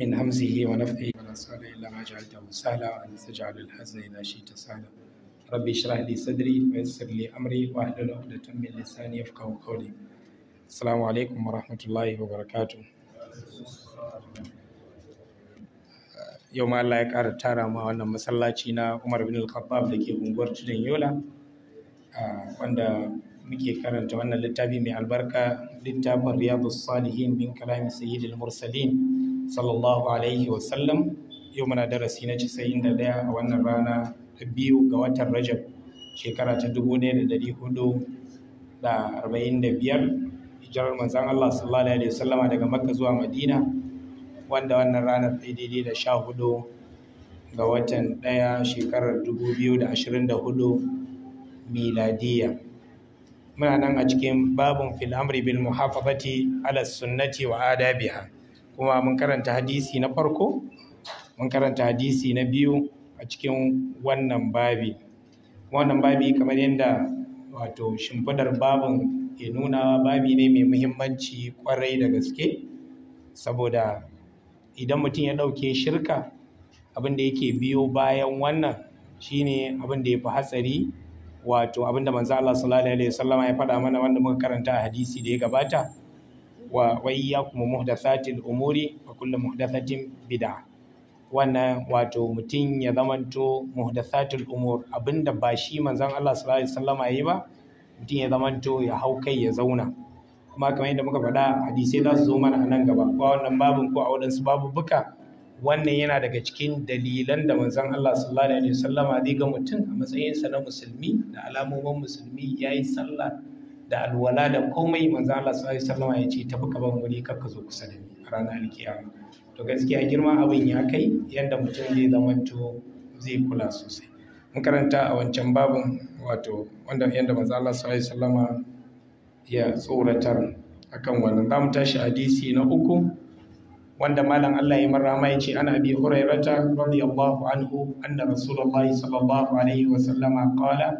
من همزه ونفثه ولا سهل إلا ما جعلته سهلا وأن تجعل الحزن إذا شئت سهلا ربي اشرح لي صدري ويسر لي أمري وأحلل عقدة من لساني يفقه قولي السلام عليكم ورحمة الله وبركاته yau ma Allah ya ƙara tara ma wannan masallaci na Umar bin Al-Khattab da ke unguwar Tudun Yola wanda muke karanta wannan littafi mai albarka littafin Riyadus Salihin bin kalami Sayyidil Mursalin sallallahu alaihi wasallam yau muna darasi na 91 a wannan rana ta biyu ga watan rajab shekara ta biyar. hijirar manzan Allah sallallahu alaihi wasallama daga makka zuwa madina wanda wannan ranar ta daidai da sha hudu ga watan ɗaya shekarar dubu biyu da da ashirin hudu miladiya muna nan a cikin babin fil amri bil muhafazati ala sunnati wa adabiha kuma mun karanta hadisi na farko mun karanta hadisi na biyu a cikin wannan babi wannan babi kamar yadda wato shimfidar babin ke nuna babi ne mai muhimmanci kwarai da gaske saboda idan mutum ya ɗauke shirka abin da yake biyo bayan wannan shine abin da ya fi hatsari wato abin da manzo Allah sallallahu alaihi wasallama ya faɗa mana wanda muka karanta a hadisi da ya gabata wa iyyakum satin umuri wa kullu muhdathatin bid'a wannan wato mutum ya zamanto satin umur abinda ba shi manzon Allah sallallahu alaihi wasallama yayi ba mutum ya zamanto ya hau kai ya zauna kuma kamar yadda muka faɗa hadisai za su zo mana a nan gaba ko wannan babin ko a babu babubuka wannan yana daga cikin dalilan da manzon Allah sallallahu alaihi wasallama zai ga mutum a matsayinsa na musulmi da alamomin musulmi yayi sallah da alwala da komai manzo Allah sallallahu alaihi wasallam ya ce tafi kaban wuri kar zo kusa da ni a ranar alkiyama to gaskiya girma abin ya kai yanda mutum zai zamanto zai kula sosai mun karanta a wancan babin wato wanda yanda manzo Allah sallallahu alaihi wasallam ya tsoratar akan wannan zamu tashi hadisi na uku wanda malam Allah ya marrama ya ce ana bi hurairata radiyallahu anhu anna rasulullahi sallallahu alaihi wasallama qala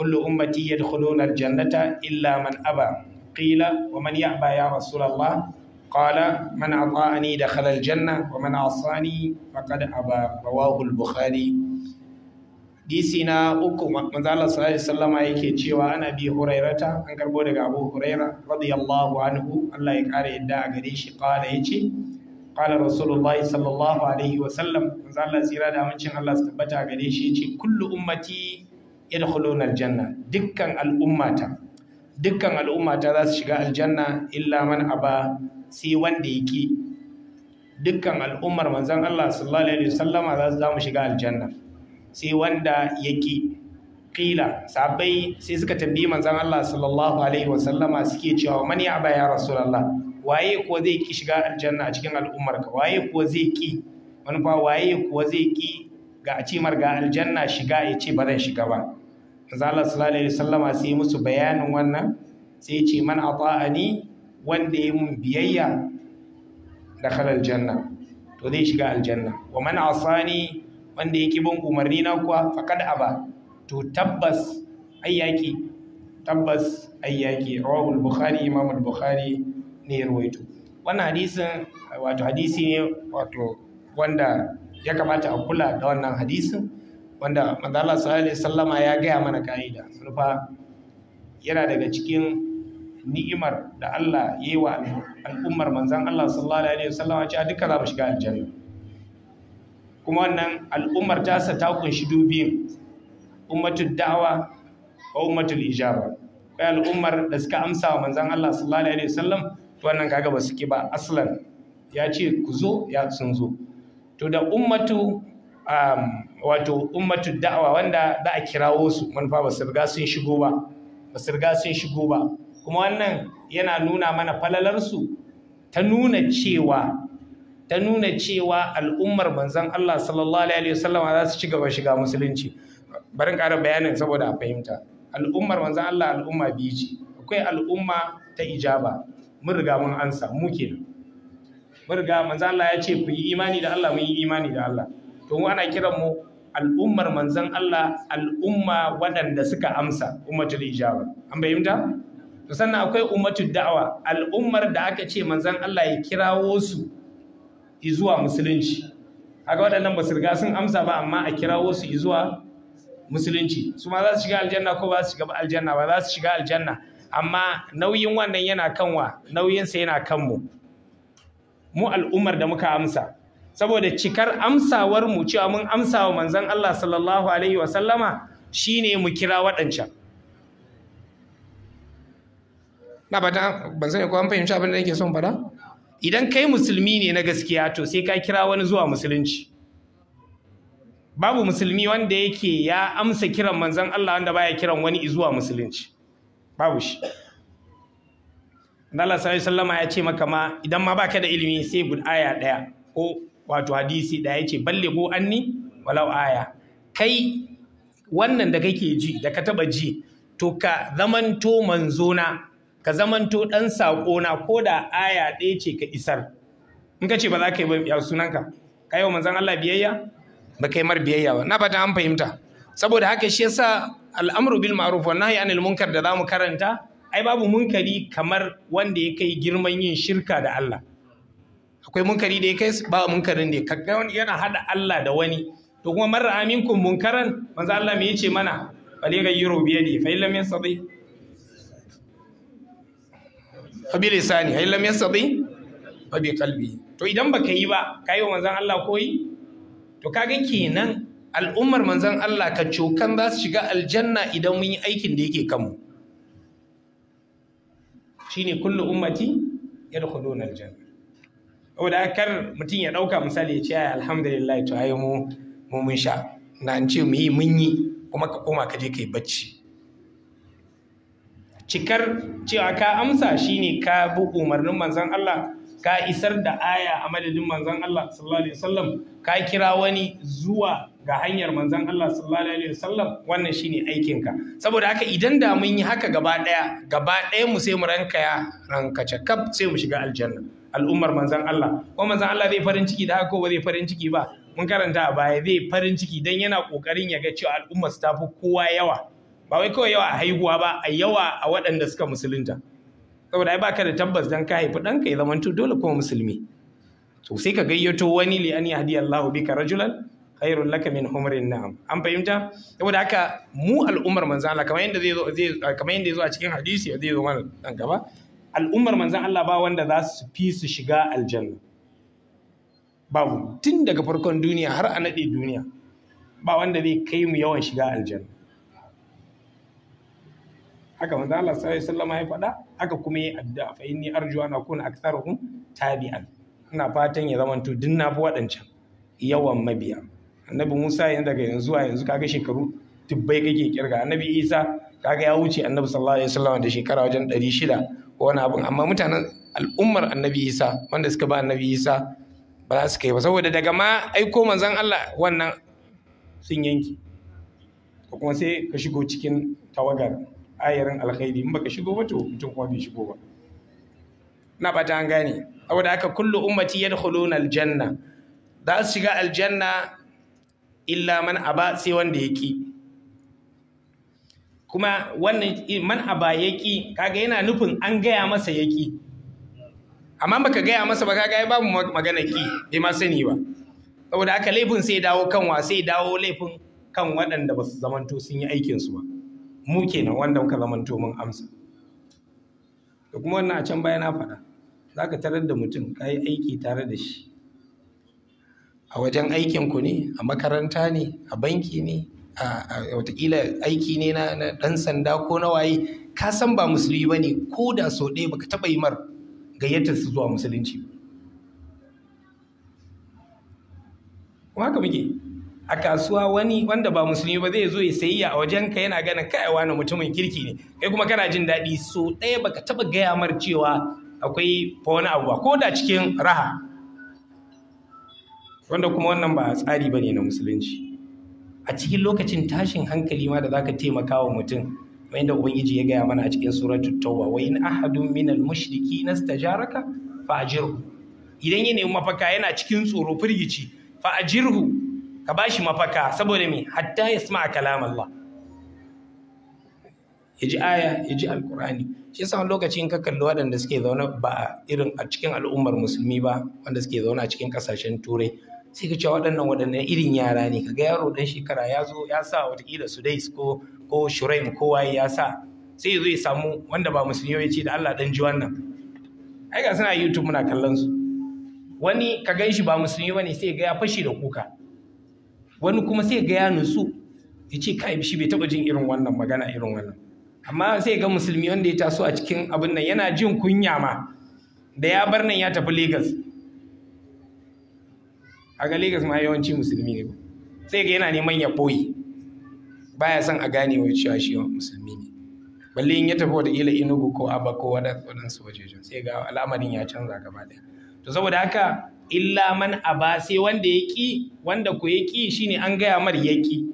kullu ummati yadkhuluna aljannata illa man aba qila wa man ya'ba ya rasulullah qala man ata'ani dakhala aljanna wa man asani faqad aba rawahu albukhari disi na uku Allah sallallahu alaihi wasallam yake cewa ana bi hurairata an karbo daga abu huraira radiyallahu anhu Allah ya kare yadda a gare shi qala yace qala rasulullahi sallallahu alaihi wasallam manzo Allah tsira da amincin Allah su tabbata gare shi yace kullu ummati yadkhuluna aljanna dukkan al'ummata dukkan al'ummata za su shiga aljanna illa man aba sai wanda yake dukkan al'ummar manzon Allah sallallahu alaihi wasallama za su zama shiga aljanna sai wanda yake kila sabai sai suka tambayi manzon Allah sallallahu alaihi wasallama suke cewa man ya aba ya rasulullah waye ko zai ki shiga aljanna a cikin al'ummar ka waye ko zai ki manufa waye ko zai ki ga a ce mar ga aljanna shiga ya ce ba zai shiga ba Allah sallallahu alaihi wasallama sai musu bayanin wannan sai ce man ata'ani wanda ya mun biyayya Da dakhala aljanna to zai shiga aljanna wa man asani wanda ya ki bin umarni na kuwa faqad aba to tabbas ayyaki tabbas ayyaki rawahul bukhari imam al-bukhari ne ya wannan hadisin wato hadisi ne wato wanda ya kamata a kula da wannan hadisin wanda manzala sallallahu sallama ya gaya mana ka'ida sulfa yana daga cikin ni'imar da Allah ya yi wa al'ummar manzan Allah sallallahu alaihi wasallama cewa duka za mu shiga aljanna kuma wannan al'ummar ta sa ta kunshi dubiyin ummatul da'wa wa ummatul ijaba kai al'ummar da suka amsa wa manzan Allah sallallahu alaihi wasallam to wannan kaga ba suke ba aslan ya ce ku zo ya sun zo to da ummatu um, wato ummatu da'awa wanda za a kirawo su manufa ba su riga sun shigo ba ba su riga sun shigo ba kuma wannan yana nuna mana falalarsu ta nuna cewa ta nuna cewa al'ummar manzon Allah sallallahu alaihi wasallam za su ci gaba shiga musulunci barin ƙara bayanin saboda a fahimta al'ummar manzon Allah al'umma biyu ce akwai al'umma ta ijaba mun riga mun ansa mu kenan mun riga manzon Allah ya ce ku yi imani da Allah mun yi imani da Allah to mu ana kiran mu al'ummar manzan Allah al'umma waɗanda suka amsa ummatul ijaba an bayyanta to sannan akwai ummatul da'awa al'ummar da aka ce manzon Allah ya kirawo su zuwa musulunci haka waɗannan ba su riga sun amsa ba amma a kirawo su zuwa musulunci su ma za su shiga aljanna ko ba su shiga aljanna ba za su shiga aljanna amma nauyin wannan yana kanwa nauyinsa yana kanmu mu al'ummar da muka amsa saboda cikar amsawar mu cewa mun amsa wa manzon Allah sallallahu alaihi wa sallama shine mu kira waɗancan na fata ban sani ko an fahimci abin da yake son fada idan kai musulmi ne na gaskiya to sai ka kira wani zuwa musulunci babu musulmi wanda yake ya amsa kiran manzon Allah wanda baya kiran wani zuwa musulunci babu shi Allah sallallahu alaihi wasallama ya ce maka ma idan ma baka da ilimi sai gud aya daya ko wato hadisi da yace ballighu anni walau aya kai wannan da kake ji da ka taba ji to ka zamanto manzona ka zamanto dan na, ko da aya ɗaya ce ka isar in ka ce ba za ka yi ba sunanka ka yi wa manzon Allah biyayya ba kai mar biyayya ba na fata an fahimta saboda haka shi yasa al'amru bil ma'ruf wa nahyi anil munkar da zamu karanta ai babu munkari kamar wanda ya kai girman yin shirka da Allah akwai munkari da ya kai ba munkarin ne kaga yana hada Allah da wani to kuma marra aminkum munkaran manzo Allah me yace mana bali gayyiru bi yadi fa illam yastati fa bi lisani fa illam yastati fa bi qalbi to idan baka yi ba kai wa manzon Allah koyi to kaga kenan al'ummar manzon Allah ka cokan za su shiga aljanna idan mun yi aikin da yake kanmu shine kullu ummati yadkhuluna aljanna saboda kar mutum ya ɗauka misali ya ce ya alhamdulillah to ayi mu mun sha na an ce mu mun yi kuma ka koma ka je ka yi bacci cikar cewa ka amsa shine ka bi umarnin manzon Allah ka isar da aya a madadin manzon Allah sallallahu alaihi wasallam ka kira wani zuwa ga hanyar manzon Allah sallallahu alaihi wasallam wannan shine aikin ka saboda haka idan da mun yi haka gaba daya gaba daya mu sai mu ranka ya sai mu shiga aljanna al'ummar manzan Allah ko manzan Allah zai farin ciki da haka ko ba zai farin ciki ba mun karanta a baya zai farin ciki dan yana kokarin ya ga cewa al'ummar ta fi kowa yawa ba wai kawai yawa a haihuwa ba a yawa a waɗanda suka musulunta saboda ai baka da tabbas dan ka haifi ɗanka ya zamanto dole kuma musulmi to sai ka gayyato wani li an yahdi Allahu bika rajulan khairul laka min humrin na'am an fahimta saboda haka mu al'ummar manzan Allah kamar yanda zai zo kamar a cikin hadisi zai zo mana gaba al'ummar manzan Allah ba wanda za su fi su shiga aljanna babu tun daga farkon duniya har a naɗe duniya ba wanda zai kai mu yawan shiga aljanna haka manzan Allah sallallahu alaihi wasallam ya faɗa haka kuma yi addu'a fa inni arju an akuna aktharuhum tabi'an ina fatan ya zamanto duk na fi waɗancan yawan mabiya annabi Musa yanzu daga yanzu a yanzu kaga shekaru tubbai kake kirga annabi Isa kaga ya wuce annabi sallallahu alaihi wasallam da shekara wajen shida. wani abin amma mutanen al'ummar annabi isa wanda suka ba annabi isa ba za su kai ba saboda daga ma aiko manzan allah wannan sun yanki ko kuma sai ka shigo cikin tawagar ayarin alkhairi in baka shigo ba to mutum kuma bai shigo ba na bata an gane saboda haka kullu ummati yadkhuluna aljanna za su shiga aljanna illa man aba sai wanda yake kuma wannan man aba yaki kaga yana nufin an gaya masa yaki amma baka gaya masa ba kaga ya babu magana ki bai ma sani ba saboda aka laifin sai dawo kan wa sai dawo laifin kan waɗanda ba su zamanto sun yi aikin su ba mu kenan wanda muka zamanto mun amsa da kuma wannan a can baya na faɗa za ka tarar da mutum ka yi aiki tare da shi a wajen aikinku ne a makaranta ne a banki ne watakila aiki ne na ɗan sanda ko na waye ka san ba musulmi ba ne ko da sau ɗaya baka taɓa yi mar gayyatar su zuwa musulunci kuma haka muke a kasuwa wani wanda ba musulmi ba zai zo ya sayayya a wajenka yana ganin kai wani mutumin kirki ne kai kuma kana jin daɗi sau ɗaya baka taɓa gaya mar cewa akwai fa wani abu ko da cikin raha wanda kuma wannan ba tsari ba ne na musulunci a cikin lokacin tashin hankali ma da za ka taimaka wa mutum kamar yadda ubangiji ya gaya mana a cikin suratul tauba wa in ahadun minal mushriki nastajaraka fa ajirhu idan ya nemi mafaka yana cikin tsoro firgici fa ajirhu ka bashi mafaka saboda me hatta yasma'a kalam Allah ya ji aya ya ji alkur'ani shi yasa lokacin ka kalli waɗanda suke zaune ba irin a cikin al'ummar musulmi ba wanda suke zaune a cikin ƙasashen turai sai ka ce waɗannan waɗannan irin yara ne Ka ga yaro dan shekara ya zo ya sa watakila sudais ko ko shuraim ko waye ya sa sai zo samu wanda ba musulmi ya ce da Allah dan ji wannan ai ga suna youtube muna kallon su wani ka gan shi ba musulmi bane sai ga ya fashi da kuka wani kuma sai ga ya nutsu ya ce kai shi bai taba jin irin wannan magana irin wannan amma sai ga musulmi wanda ya taso a cikin abin nan yana jin kunya ma da ya bar nan ya tafi Lagos ga Legas ma yawanci musulmi ne sai ga yana neman ya boye baya son a gane wa cewa shi musulmi ne balle in ya tafi wata kila inugu ko Aba ko waɗansu wajejen sai ga al'amarin ya canza gaba ɗaya to saboda haka illa man aba sai wanda ya ƙi wanda ku ya ƙi shine an gaya mar ya ƙi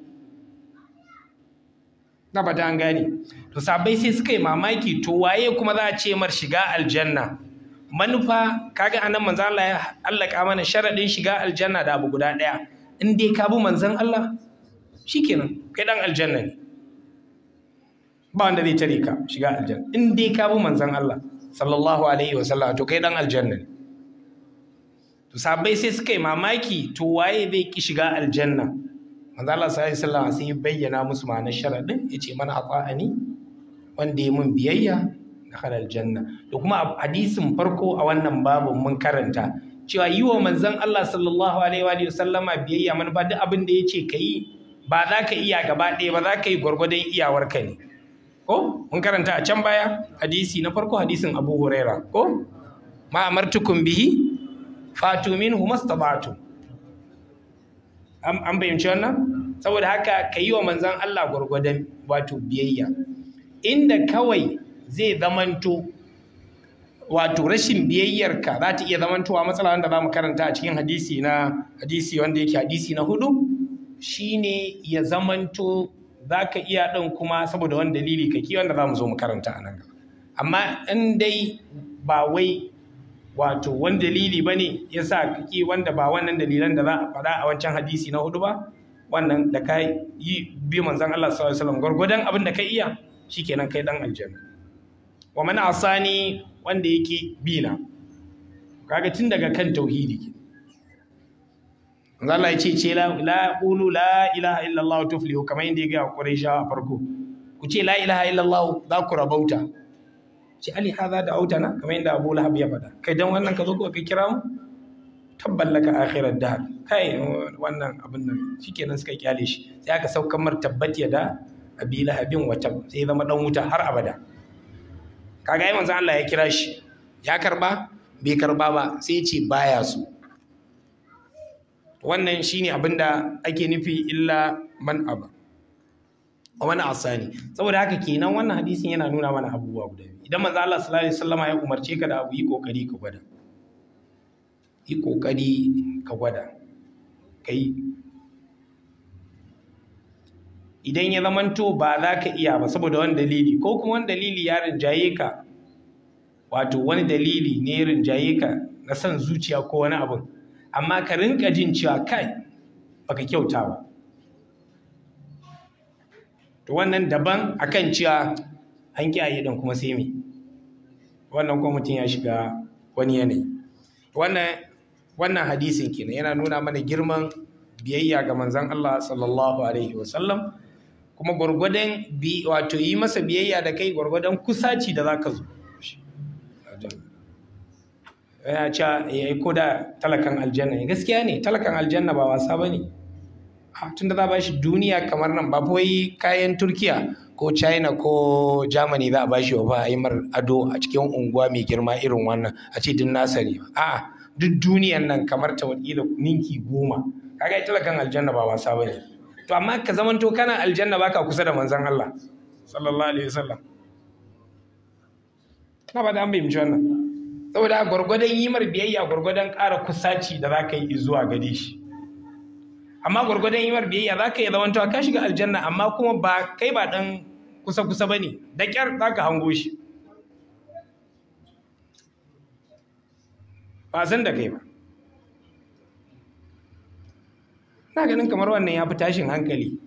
na an gane to sabai sai suka yi mamaki to waye kuma za a ce mar shiga aljanna manufa kaga anan manzo Allah ya allaka mana sharadin shiga aljanna da abu guda daya in dai ka bi manzon Allah shikenan kai dan aljanna ne ba wanda zai tare ka shiga aljanna in dai ka bi manzon Allah sallallahu alaihi wa sallam to kai dan aljanna ne to sabai sai suka yi mamaki to waye zai ki shiga aljanna manzo Allah sallallahu alaihi wa sallam sai ya bayyana musu ma'anar sharadin yace mana aqani wanda ya mun biyayya dakhala janna. da kuma hadisin farko a wannan babu mun karanta cewa yi wa manzon Allah sallallahu alaihi wa sallama biyayya man ba duk abin da yace kai ba za ka iya gaba ɗaya ba za ka yi gwargwadon iyawarka ne ko mun karanta a can baya hadisi na farko hadisin Abu Huraira ko ma amartukum bihi fatu minhu mastata'tum an bayyance wannan saboda haka ka yi wa manzan Allah gwargwadon wato biyayya inda kawai zai zamanto wato rashin biyayyarka za ta iya zamantowa matsala wanda za mu karanta a cikin hadisi na hadisi wanda yake hadisi na hudu shine ya zamanto za ka iya ɗan kuma saboda wani dalili kaki wanda za mu zo mu karanta a nan amma in dai ba wai wato wani dalili ba ne ya sa kaki wanda ba wannan dalilan da za a faɗa a wancan hadisi na hudu ba wannan da ka yi bi manzan Allah sallallahu alaihi wasallam gwargwadon abin da ka iya shikenan kai dan aljanna wa a asani wanda yake bina kaga tun daga kan tauhidi Allah ya ce ce la la qulu la ilaha illa tuflihu kamar inda ya ga Quraisha a farko ku ce la ilaha za ku rabauta ce ali hadha da na kamar inda Abu Lahab ya fada kai dan wannan ka zo ku kai kira mu tabballaka akhirar dahar kai wannan abin nan shikenan suka kyale shi sai aka saukar mar tabbati da abi lahabin wata sai zama dan wuta har abada kaga ai manzo Allah ya kira shi ya karba bai karba ba sai ce baya so wannan shine abin da ake nufi illa man aba wani asani saboda haka kenan wannan hadisin yana nuna mana abubuwa guda biyu idan manzo Allah sallallahu alaihi wasallama ya umarce ka da abu yi kokari ka gwada yi kokari ka gwada kai idan ya zamanto ba za ka iya ba saboda wani dalili ko kuma wani dalili ya rinjaye ka wato wani dalili ne ya rinjaye ka na son zuciya ko wani abin amma ka rinka jin cewa kai baka kyauta ba to wannan daban akan cewa an ki dan kuma sai me wannan kuma mutum ya shiga wani yanayi wannan wannan hadisin kenan yana nuna mana girman biyayya ga manzon Allah sallallahu alaihi wasallam kuma gwargwadon wato yi masa biyayya da kai gwargwadon kusaci da za ka zo ya ce ya eh, yi koda talakan aljanna gaskiya ne talakan aljanna ba wasa ba ne tun da za ba shi duniya kamar nan ba wai kayan turkiya ko china ko germany za a ba shi wa ba a yi ado a cikin unguwa mai girma irin wannan a ce din nasa ne a'a duk duniyan nan kamar ta wakila ninki goma kaga talakan aljanna ba wasa ba ne to amma ka to kana aljanna baka kusa da manzon Allah sallallahu alaihi wasallam na ba da an bayyana wannan saboda gurgurdan yimar biyayya gurgurdan ƙara kusaci da za ka yi zuwa gare shi amma gurgurdan yimar biyayya za yi zaman zamantawa ka shiga aljanna amma kuma ba kai ba ɗan kusa-kusa ba ne da kyar za ka hango shi ba san da kai ba na ganin kamar wannan ya fi tashin hankali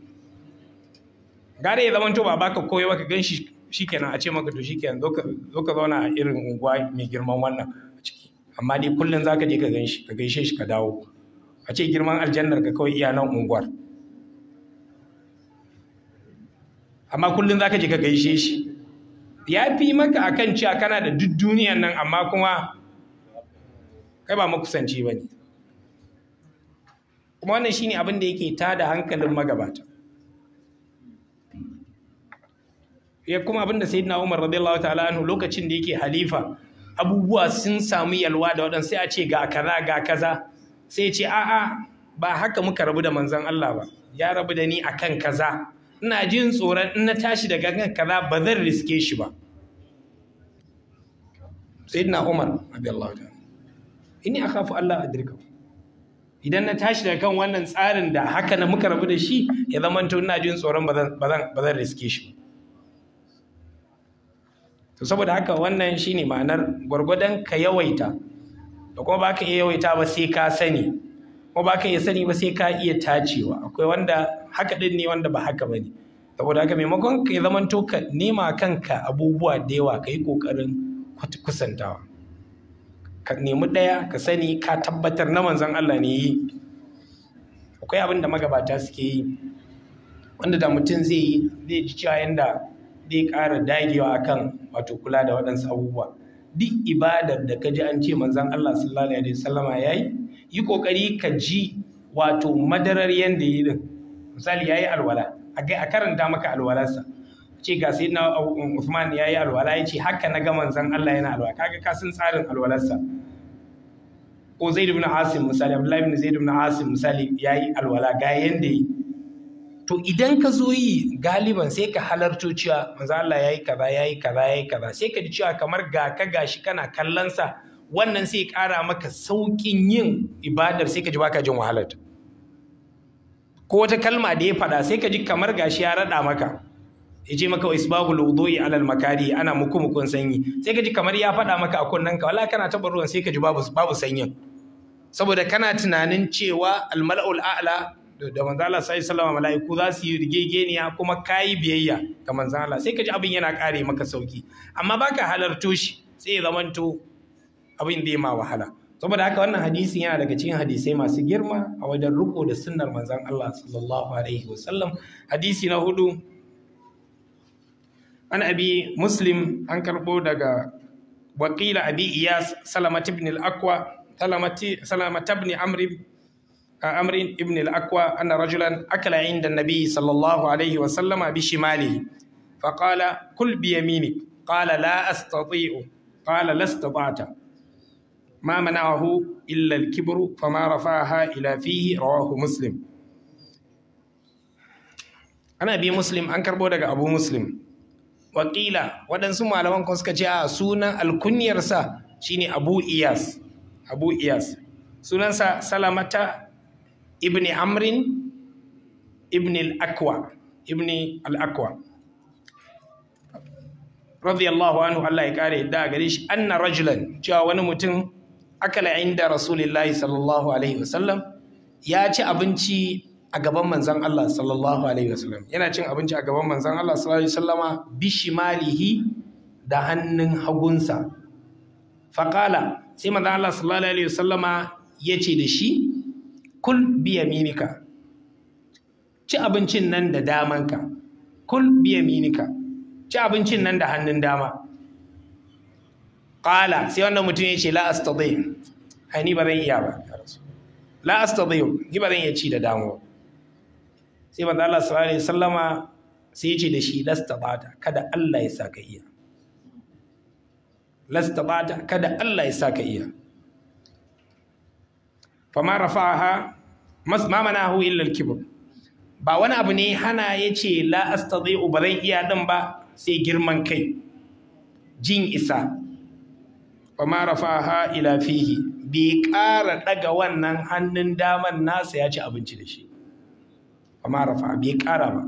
gare ya zamanto ba baka koyo ba ka gan shi shikenan a ce maka to shikenan zo ka zauna a irin unguwa mai girman wannan a ciki amma dai kullum zaka je ka gan shi ka gaishe shi ka dawo a ce girman aljannar ka kawai iya nan unguwar amma kullum zaka je ka gaishe shi ya fi maka akan cewa kana da duk duniyan nan amma kuma kai ba makusanci ba ne kuma wannan shine abin da yake tada hankalin magabata ya kuma abin da sayyidina Umar radiyallahu ta'ala anhu lokacin da yake halifa abubuwa sun samu yalwa da waɗansu sai a ce ga kaza ga kaza sai ya ce a'a ba haka muka rabu da manzon Allah ba ya rabu da ni akan kaza ina jin tsoron in na tashi daga kan kaza ba zan riske shi ba sayyidina Umar radiyallahu ta'ala inni akhafu Allah adrikahu idan na tashi da kan wannan tsarin da haka na muka rabu da shi ya zama to ina jin tsoron ba zan riske shi to saboda haka wannan shine ma'anar gwargwadon ka yawaita da kuma baka iya yawaita ba sai ka sani kuma baka iya sani ba sai ka iya tacewa akwai wanda haka din ne wanda ba haka bane saboda haka maimakon ka zama to ka nema kanka abubuwa da yawa ka yi kokarin kusantawa ka nemi ɗaya ka sani ka tabbatar na manzan Allah ne yi akwai abin da magabata suke yi wanda da mutum zai yi zai ji cewa yadda zai ƙara dagewa akan wato kula da waɗansu abubuwa duk ibadar da ka ji an ce manzan Allah sallallahu alaihi wasallama ya yi yi ƙoƙari ka ji wato madarar yanda yi din misali ya yi alwala a karanta maka alwalarsa ce ga sai na Uthman ya yi alwala ya ce haka na ga manzan Allah yana alwala kaga ka san tsarin alwalarsa ko zai ibn asim misali abdullahi ibn zaid ibn asim misali yayi alwala ga yanda yi to idan ka zo yi galiban sai ka halarto cewa manzo Allah yayi kaza yayi kaza yayi kaza sai ka ji cewa kamar ga ka gashi kana kallon sa wannan sai ƙara maka sauƙin yin ibadar sai ka ji baka jin wahalar ko wata kalma da ya faɗa sai ka ji kamar gashi ya raɗa maka ya ce maka babu wudu'i alal makari ana muku mukun sanyi sai ka ji kamar ya faɗa maka a kunnen ka wala kana taɓa ruwan sai ka ji babu babu sanyin saboda kana tunanin cewa almal'ul a'la da manzo Allah sai sallama mala'iku za su yi rigegeniya kuma kayi biyayya ga manzo Allah sai ka ji abin yana kare maka sauki amma baka halarto shi sai ya zamanto abin da ma wahala saboda haka wannan hadisin yana daga cikin hadisai masu girma a wajen riko da sunnar manzon Allah sallallahu alaihi wasallam hadisi na hudu ana abi muslim an karbo daga wakila abi iyas salamat ibn al-aqwa سلامة بن عمرو عمر بن الأكوى أن رجلا أكل عند النبي صلى الله عليه وسلم بشماله فقال كل بيمينك قال لا أستطيع قال لا استطعت ما منعه إلا الكبر فما رفعها إلى فيه رواه مسلم أنا أبي مسلم أنكر بودك أبو مسلم وقيل ودن سمع لمن كنسك جاء سونا الكنيرسا شيني أبو إياس abu iyas sunansa salamata ibn amrin ibn al-akwa ibn al-akwa radiyallahu anhu Allah ya kare da gare shi anna rajulan cewa wani mutum akala inda rasulullahi sallallahu alaihi wasallam ya ci abinci a gaban manzan Allah sallallahu alaihi wasallam yana cin abinci a gaban manzan Allah sallallahu alaihi wasallama bishimalihi da hannun hagunsa faƙala sai manzo Allah sallallahu alaihi wasallama ya ce da shi kul biya yaminika ci abincin nan da damanka kul biya yaminika ci abincin nan da hannun dama Ƙala sai wannan mutum ya ce la astadhi ai ba zan iya ba la astadhi ni ba zan iya ci da damuwa. sai manzo Allah sallallahu alaihi wasallama sai ya ce da shi lasta bata kada Allah ya sa ka iya Lasta bata, kada Allah ya sa ka iya fama rafa'aha mas ma manahu illar kibr ba wani abu ne hana yace la astadi'u ba zan iya din ba sai girman kai jin isa fama ha ila fihi bai ƙara daga wannan hannun daman nasa ya ci abinci da shi fama rafa'a bai ƙara ba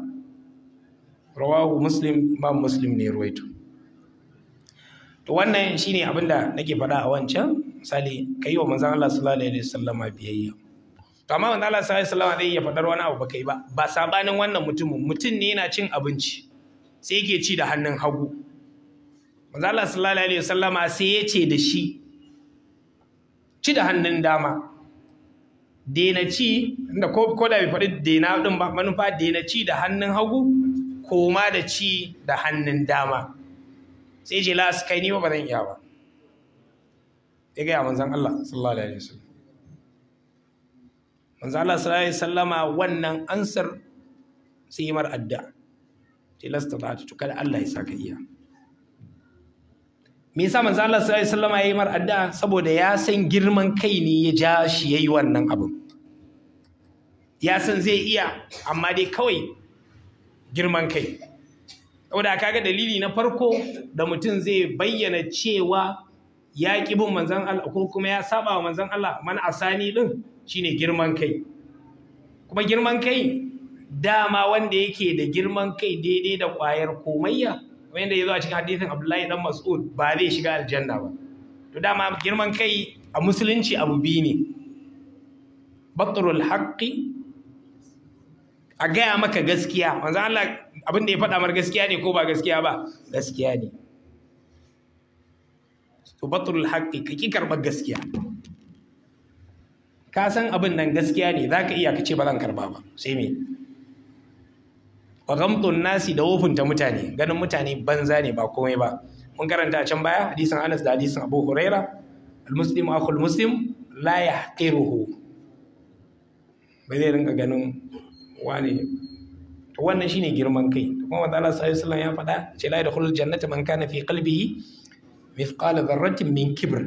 rawahu muslim ba muslim ne ruwaito wannan shi ne abinda nake faɗa a wancan misali yi wa manzon Allah sallallahu alaihi wasallam biyayya to amma wanda Allah sallallahu alaihi wasallam zai iya faɗar wani abu ba kai ba ba sabanin wannan mutumin mutum ne yana cin abinci sai yake ci da hannun hagu manzon Allah sallallahu alaihi wasallam sai ya ce da shi ci da hannun dama dena ci da ko da bai faɗi dena din ba manufa dena ci da hannun hagu koma da ci da hannun dama sai ce la su kai ni ba zan iya ba ya gaya manzan Allah sallallahu alaihi wasallam manzan Allah sallallahu alaihi wasallama wannan ansar sai yi mar adda ce lasta ta ta kada Allah ya sa ka iya me yasa manzan Allah sallallahu alaihi wasallama yi mar adda saboda ya san girman kai ne ya ja shi ya yi wannan abin ya san zai iya amma dai kawai girman kai saboda kaga dalili na farko da mutum zai bayyana cewa ya ƙi bin manzan Allah ko kuma ya saba wa manzan Allah man ɗin, din shine girman kai kuma girman kai dama wanda yake da girman kai daidai da ƙwayar komayya wanda ya zo a cikin hadithin Abdullahi dan Mas'ud ba zai shiga aljanna ba to dama girman kai a musulunci abu biyu ne batrul haƙƙi. a gaya maka gaskiya manzo Allah abin da ya faɗa mar gaskiya ne ko ba gaskiya ba gaskiya ne to batul haqqi ka ki karɓar gaskiya ka san abin nan gaskiya ne zaka iya ka ce ba zan karba ba sai me wa nasi da wofinta mutane ganin mutane banza ne ba komai ba mun karanta a can baya hadisin Anas da hadisin Abu Huraira al-muslim akhul muslim la yahqiruhu bai zai rinka ganin wane to wannan shine girman kai kuma wanda Allah sai sallan ya faɗa ce la yadkhulul jannata man kana fi qalbihi mithqal dharratin min kibr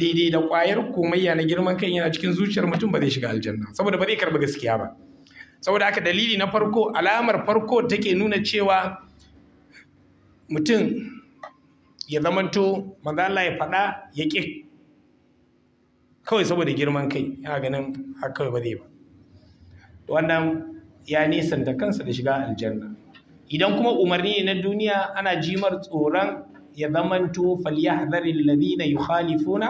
daidai da kwayar komayya na girman kai yana cikin zuciyar mutum ba zai shiga aljanna saboda ba zai karba gaskiya ba saboda haka dalili na farko alamar farko take nuna cewa mutum ya zamanto manzo Allah ya faɗa ya ƙi kawai saboda girman kai ya ganin haka ba zai ba wannan ya da kansa da shiga aljanna idan kuma umarni ne na duniya ana jimar tsoron ya zamanto falyahdhar alladhina yukhalifuna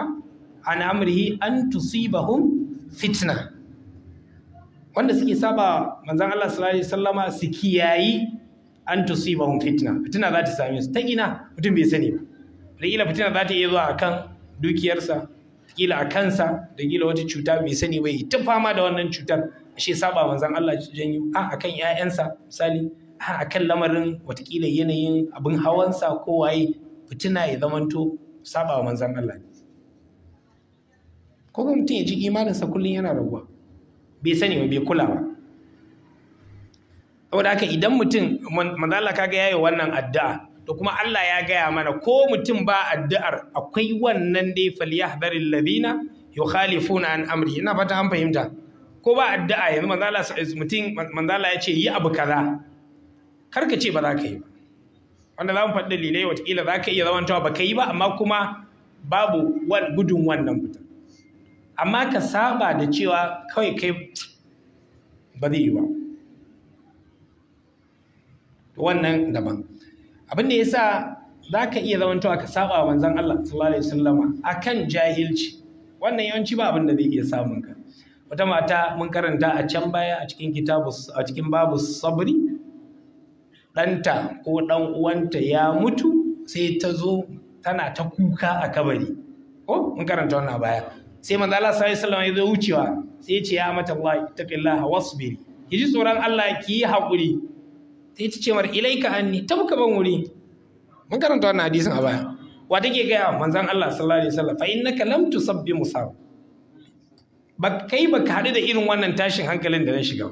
an amrihi an tusibahum fitna wanda suke saba manzon Allah sallallahu alaihi wasallama su kiyayi an tusibahum fitna fitna za ta same su ta ina mutum bai sani ba da kila za ta iya zuwa akan dukiyarsa kila a kansa da kila wata cuta bai sani bai ta fama da wannan cutar shi saba manzan Allah janyo a akan ƴaƴansa misali a akan lamarin watakila yanayin abin hawansa ko waye fitina ya zamanto saba manzan Allah ne ko ga mutum ya ji imaninsa kullum yana raguwa bai sani ba bai kula ba saboda haka idan mutum manzan Allah kaga yayi wannan addu'a to kuma Allah ya gaya mana ko mutum ba addu'ar akwai wannan dai falyahdharil ladina yukhalifuna an amri ina fata an fahimta ko ba addu'a yanzu manzala mutum manzala ya ce yi abu kaza kar ka ce ba za ka yi ba wanda za mu faɗi dalilai watakila za ka iya zamantawa ba ka yi ba amma kuma babu gudun wannan fita amma ka saba da cewa kawai kai ba zai yi ba wannan daban abin da ya sa za ka iya zamantawa ka saba manzan Allah sallallahu alaihi wasallama akan jahilci wannan yawanci ba abin da zai iya samun ka wata mata mun karanta a can baya a cikin kitabu a cikin babu sabri ɗanta ko ɗan uwanta ya mutu sai ta zo tana ta kuka a kabari ko mun karanta wannan baya sai manzo Allah sallallahu alaihi wasallam ya zo wucewa sai ya ce ya mata Allah ittaqillaha wasbir ki ji tsoron Allah ki yi hakuri. sai ta ce mar ilaika anni tabka ban wuri mun karanta wannan hadisin a baya wa take ga manzon Allah sallallahu alaihi wasallam fa innaka lam tusabbi musab ba kai ba haɗu da irin wannan tashin hankalin da na shiga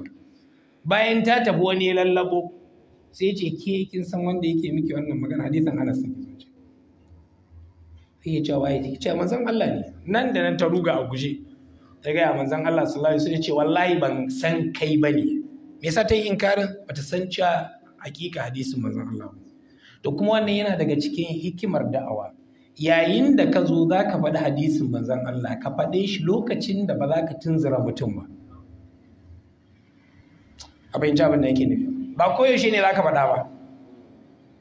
bayan ta tafi wani ya lallabo sai ce ke kin san wanda yake miki wannan magana hadisan Anas ne zuci sai ya ce waye ce manzon Allah ne nan da nan ta ruga a guje ta ga manzon Allah sallallahu alaihi wasallam ce wallahi ban san kai bane me yasa ta yi inkarin bata san cewa hakika hadisin manzon Allah to kuma wannan yana daga cikin hikimar da'awa yayin da ka zo za ka faɗi hadisin manzon Allah ka faɗe shi lokacin da ba za ka tunzura mutum ba abin abin da yake nufi ba koyaushe ne za ka faɗa ba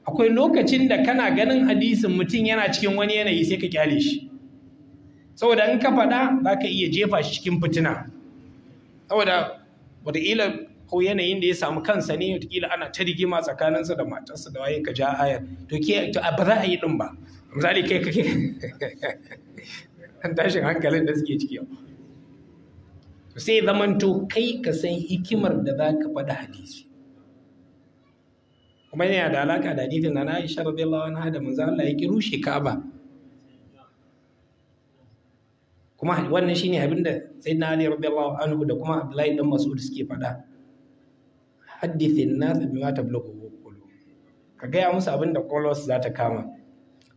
akwai lokacin da kana ganin hadisin mutum yana cikin wani yanayi sai ka kyale shi saboda in ka faɗa za ka iya jefa shi cikin fitina saboda wataƙila ko yanayin da ya samu kansa ne wataƙila ana ta rigima tsakaninsa da matarsa da waye ka ja ayar to ke ba za a yi ɗin ba misali kai kake an tashin hankalin da suke ciki sai zamanto kai ka san hikimar da za ka faɗa hadisi kuma yana da alaƙa da hadisin na Aisha radiyallahu anha da manzo Allah ya kiru shi Ka'aba kuma wannan shine abin da sayyidina Ali radiyallahu anhu da kuma Abdullahi dan Mas'ud suke faɗa hadithin nas bima tablughu qulub ka gaya musu abin da kwakwalwarsu za ta kama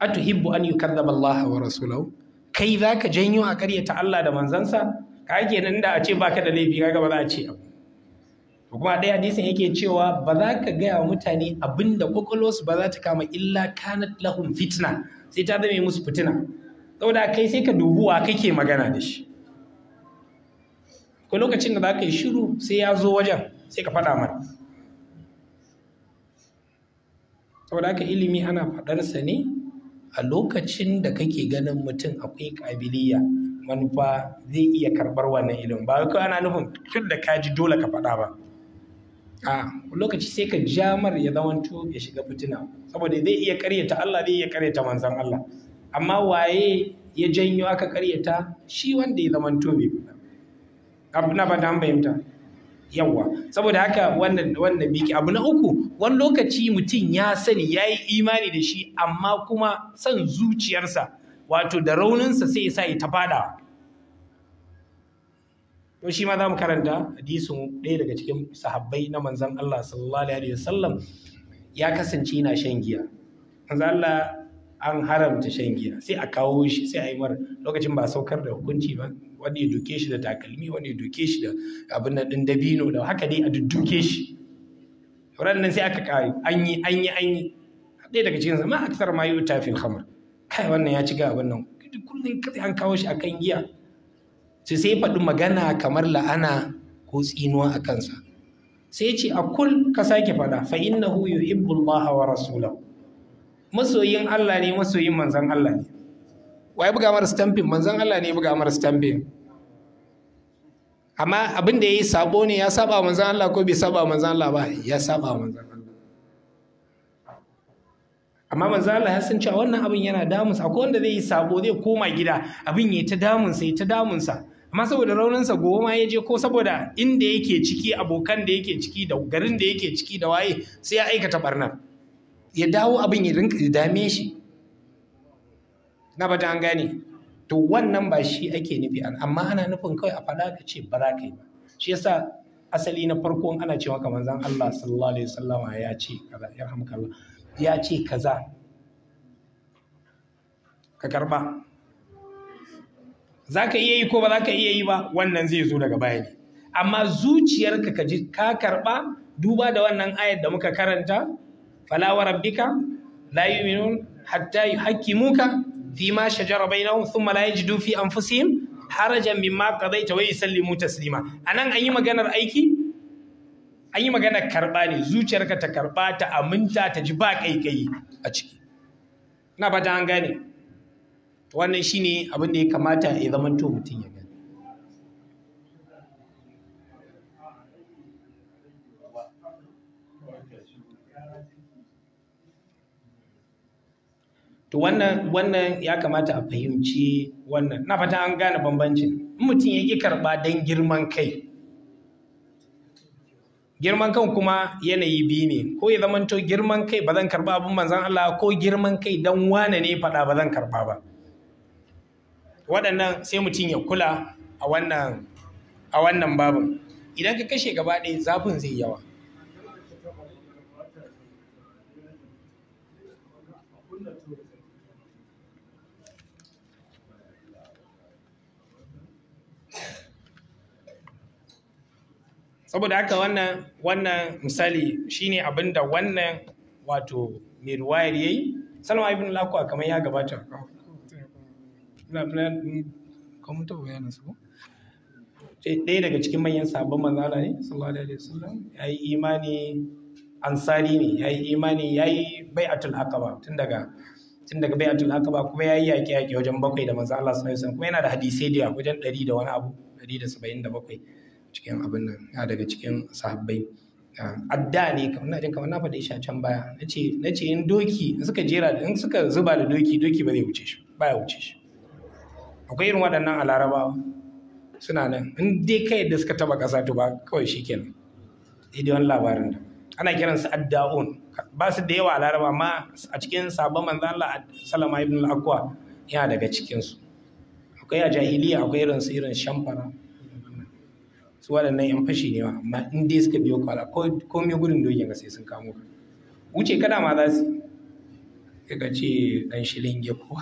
atuhibbu an yukadzdzaba Allah wa rasulahu kai zaka janyo a ta Allah da manzansa ka nan da a ce baka da laifi kaga ba za a ce kuma ɗaya hadisin yake cewa ba za ka gaya wa mutane abin da kwakwalwarsu ba za ta kama illa kanat lahum fitna sai ta zame musu fitina saboda kai sai ka dubu dubuwa kake magana da shi ko lokacin da za ka yi shiru sai ya zo wajen sai ka faɗa mana saboda haka ilimi ana fadarsa ne a lokacin da kake ganin mutum akwai kabiliya, manufa zai iya karɓar wannan ilimin ba kawai ana nufin tun da ka ji dole ka faɗa ba a lokaci sai ka jamar ya zamanto ya shiga fitina saboda zai iya karyata Allah zai iya karyata manzon Allah amma waye ya janyo aka karyata shi wanda ya zamanto bai faɗa na ba dan fahimta yawa saboda haka wannan wannan biki abu na uku wani lokaci mutum ya sani ya yi imani da shi amma kuma son zuciyarsa wato da rauninsa sai ya sa ya tafada to shi ma za mu karanta hadisin ɗaya daga cikin sahabbai na manzon Allah sallallahu alaihi wasallam ya kasance yana shan giya manzon Allah an haramta shan giya sai a kawo shi sai a yi mara lokacin ba saukar da hukunci ba wani ya duke shi da takalmi wani ya duke shi da abin nan din dabino da haka dai a dudduke shi ran nan sai aka kare an yi an yi an yi ɗaya daga cikin zama aksar ma ta fil khamr kai wannan ya ci ga abin nan kullum kai an kawo shi akan giya sai sai faɗi magana kamar la'ana ko tsinuwa a kansa sai ce a kul ka sake faɗa fa innahu yuhibbullaha wa rasulahu masoyin Allah ne masoyin manzon Allah ne wai buga mara stamping manzon Allah ne buga mara stamping amma abin da ya yi sabo ne ya saba manzan Allah ko bai saba manzan Allah ba ya saba manzan Allah amma manzan Allah ya san cewa wannan abin yana damunsa akwai wanda zai yi sabo zai koma gida abin ya ta damunsa ya ta damunsa amma saboda rauninsa gobe ma ya je ko saboda inda yake ciki abokan da yake ciki da garin da yake ciki da waye sai ya aikata barna ya dawo abin ya dame shi na ba an gane to wannan ba shi ake nufi amma ana nufin kawai a faɗa ka ce ba za ka yi ba shi yasa asali na farko ana cewa kamar zan Allah sallallahu alaihi wasallam ya ce kaza ya yarhamukallah ya ce kaza ka karba za ka iya yi ko ba za ka iya yi ba wannan zai zo daga baya ne amma zuciyarka ka ji ka karba duba da wannan ayar da muka karanta fala wa rabbika la yu'minun hatta fima shajara bainahum thumma dufi an fi anfusihim harajan mimma qadaita wa silima. taslima anan an yi maganar aiki an yi maganar karba ne zuciyarka ta karɓa ta aminta ta ji ba kaikayi a ciki na ba ta an gane wannan shine abin da ya kamata ya zama to mutum ya to wannan wannan ya kamata a fahimci wannan na fata an gane bambancin in mutum ya ki karɓa dan girman kai girman kan kuma yanayi biyu ne ko ya zamanto girman kai ba zan karɓa abin manzan Allah ko girman kai dan wane ne faɗa ba zan karɓa ba waɗannan sai mutum ya kula a wannan a wannan babin idan ka kashe gaba ɗaya zafin zai yawa saboda haka wannan wannan misali shine abin da wannan wato mai ruwayar yayi salma ibn lakwa kamar ya gabata eh, ɗaya daga cikin manyan sabon manzala ne sallallahu alaihi wasallam yayi imani ansari ne yayi imani yayi bai'atul aqaba tun daga tun daga bai'atul aqaba kuma yayi yaƙe yaƙe wajen bakwai da manzo Allah sallallahu alaihi wasallam kuma yana da hadisai da wajen ɗari da wani abu ɗari da saba'in da bakwai cikin abin nan yana daga cikin sahabbai adda ah, ne kamar na jin kamar na faɗi shi a can baya nace nace in doki suka jera in suka zuba da doki doki ba zai wuce shi ba ya wuce shi akwai irin waɗannan a suna nan in dai kai da suka taba ƙasa to ba kawai shi kenan dai wani labarin da ana kiran su adda'un ba su da yawa a laraba amma a cikin sabon manzo Allah sallama ibn al-aqwa yana daga cikin su akwai a jahiliya akwai irin su irin shamfara su waɗannan yan fashi ne amma in dai suka biyo kwala ko me gudun dogin sai sun kamo ka wuce kada ma za su ce dan shilin ko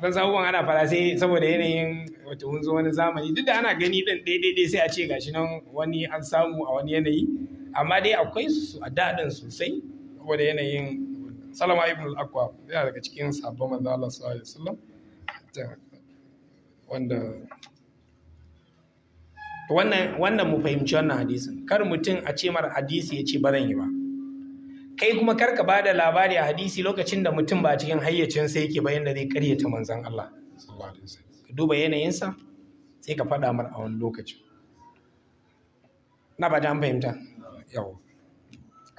kan sabuwan ana fara sai saboda yanayin wata mun wani zamani duk da ana gani ɗin daidai sai a ce gashi nan wani an samu a wani yanayi amma dai akwai su a daɗin sosai saboda yanayin salama ibn al-akwa yana daga cikin sabon manzo Allah sallallahu alaihi wasallam wanda wannan mu fahimci wannan hadisin kar mutum a ce mara hadisi ya ce ba zan yi ba kai kuma kar ka bada labari a hadisi lokacin da mutum ba cikin hayyacin sai yake bayan da zai karyata manzon Allah ka duba yanayinsa sai ka faɗa mar a wani lokacin na ba jan fahimta yau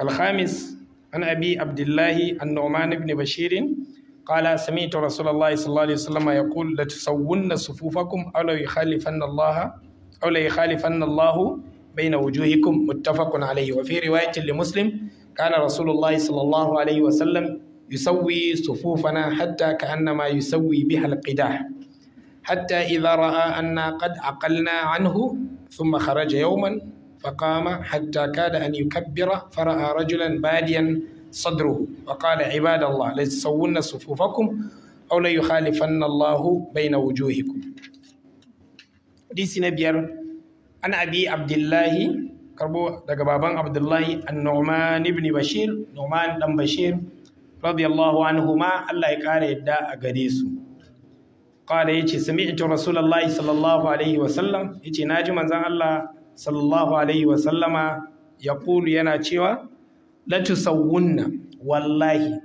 alhamis an abi abdullahi an nu'man ne bashirin قال سمعت رسول الله صلى الله عليه وسلم يقول لتسون صفوفكم أو يخالفن الله أو يخالفن الله بين وجوهكم متفق عليه وفي رواية لمسلم كان رسول الله صلى الله عليه وسلم يسوي صفوفنا حتى كأنما يسوي بها القداح حتى إذا رأى أنا قد عقلنا عنه ثم خرج يوما فقام حتى كاد أن يكبر فرأى رجلا باديا صدره وقال عباد الله لتسون صفوفكم أو ليخالفن الله بين وجوهكم حديث نبيار عن ana عبد Abdullahi karbo daga baban abdullahi an annoman ibn bashir noman dan bashir radiyallahu anhuma allah ya kare yadda a gare su ya ce sami sami'tu rasulullahi sallallahu alaihi wa sallam na naji manzon allah sallallahu alaihi wa sallama kulu yana cewa Latu latusawunna wallahi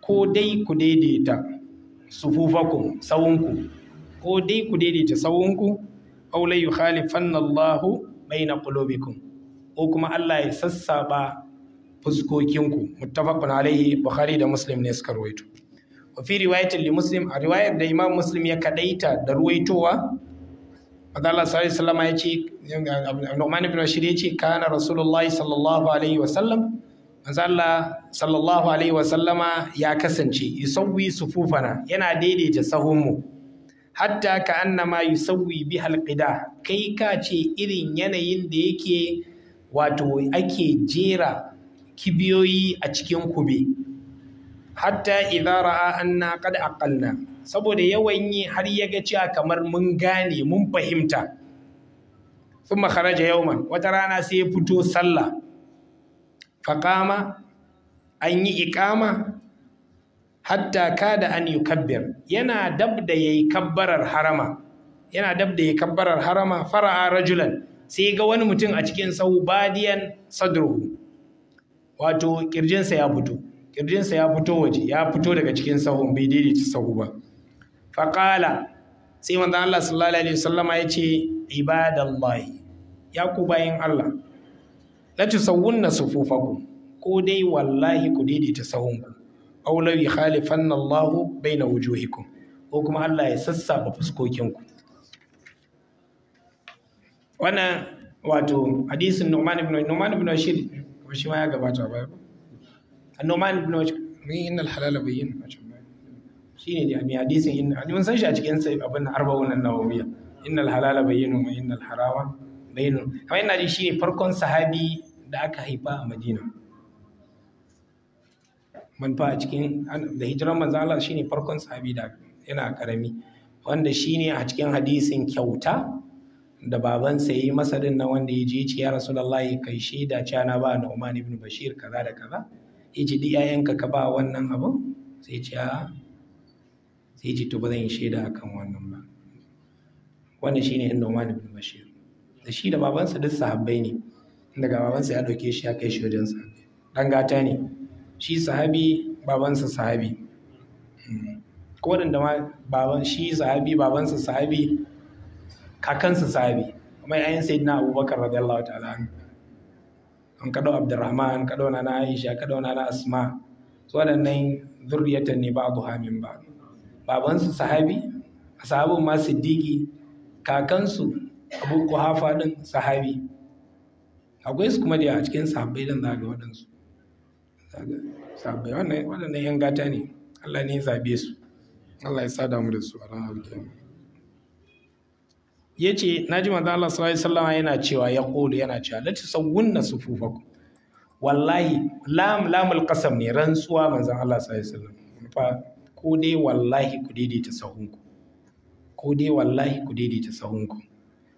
ko dai ku daidaita sufufakum sawunku ko dai ku daidaita sawunku aw la yukhalifanna Allah baina qulubikum ko kuma Allah ya sassaba fuskokinku muttafaqun alaihi bukhari da muslim ne suka ruwaito wa fi riwayatin li muslim a riwayar da imam muslim ya kadaita da ruwaitowa manzo Allah sallallahu alaihi wasallam ya ce Nu'man ibn Bashir ya ce kana Rasulullahi sallallahu alaihi wasallam manzo Allah sallallahu alaihi wasallama ya kasance yusawwi sufufana yana daidaita sahunmu hatta ka annama yusawwi bi halqida kai ka ce irin yanayin da yake wato ake jera kibiyoyi a cikin kube hatta idza ra'a anna qad aqalna saboda yawan yi har ya ga cewa kamar mun gane mun fahimta sun makaraja yauman wata rana sai ya fito sallah faƙama an yi iƙama hatta kada an yi kabbir yana dab da ya yi kabbarar harama yana dab da ya yi kabbarar harama fara'a rajulan sai ga wani mutum a cikin sau badiyan sadruhu wato kirjinsa ya fito kirjinsa ya fito waje ya fito daga cikin sahun bai daidaita sahu ba faƙala sai manzan Allah sallallahu alaihi wasallama ya ce ibadallahi ya ku bayin Allah la tusawwunna sufufakum ko dai wallahi ku daidaita sahunku aw law yukhalifanna bai na wujuhikum ko kuma Allah ya sassaba fuskokinku wannan wato hadisin Nu'man ibn Nu'man ibn Bashir shi ma ya gabata ba Nu'man ibn Bashir min innal halala bayyin shine dai mai hadisin inna an mun san shi a cikin sai abin na arba'un wannan nawawiya innal halala bayyinu wa innal harama bayyinu amma ina ji shine farkon sahabi da aka haifa a Madina manfa a cikin da hijiran manzo Allah shine farkon sahabi da yana karami wanda shine a cikin hadisin kyauta da babansa ya yi masa din nan wanda ya je ci ya rasulullahi kai shi da cana ba na Umar ibn Bashir kaza da kaza ya di 'ya'yanka ka ba wannan abun sai ce a sai ce to ba zan yi shaida a kan wannan ba wannan ne inda Umar ibn Bashir da shi da babansa duk sahabbai ne daga babansa ya ɗauke shi ya kai shi wajen sahabbai dan gata ne shi sahabi babansa sahabi ko waɗanda ma baban shi sahabi babansa sahabi kakansa sahabi kuma yayin na Abubakar radiyallahu ta'ala anhu an kaɗo Abdurrahman kaɗo na Aisha kaɗo na Asma su waɗannan zurriyatan ne ba min ba babansu sahabi sahabin ma siddiqi kakansu abu kuhafa din sahabi akwai su kuma da a cikin sahabbai din za ga waɗansu sahabbai waɗannan yan gata ne Allah ne zabe su Allah ya sada mu da su a ranar kiyama na ji manzo Allah sallallahu alaihi wasallam yana cewa ya kodo yana cewa la tusawwunna sufufakum wallahi lam lamul qasam ne rantsuwa manzo Allah sallallahu alaihi wasallam ko dai wallahi ku daidaita sahunku ko dai wallahi ku daidaita sahunku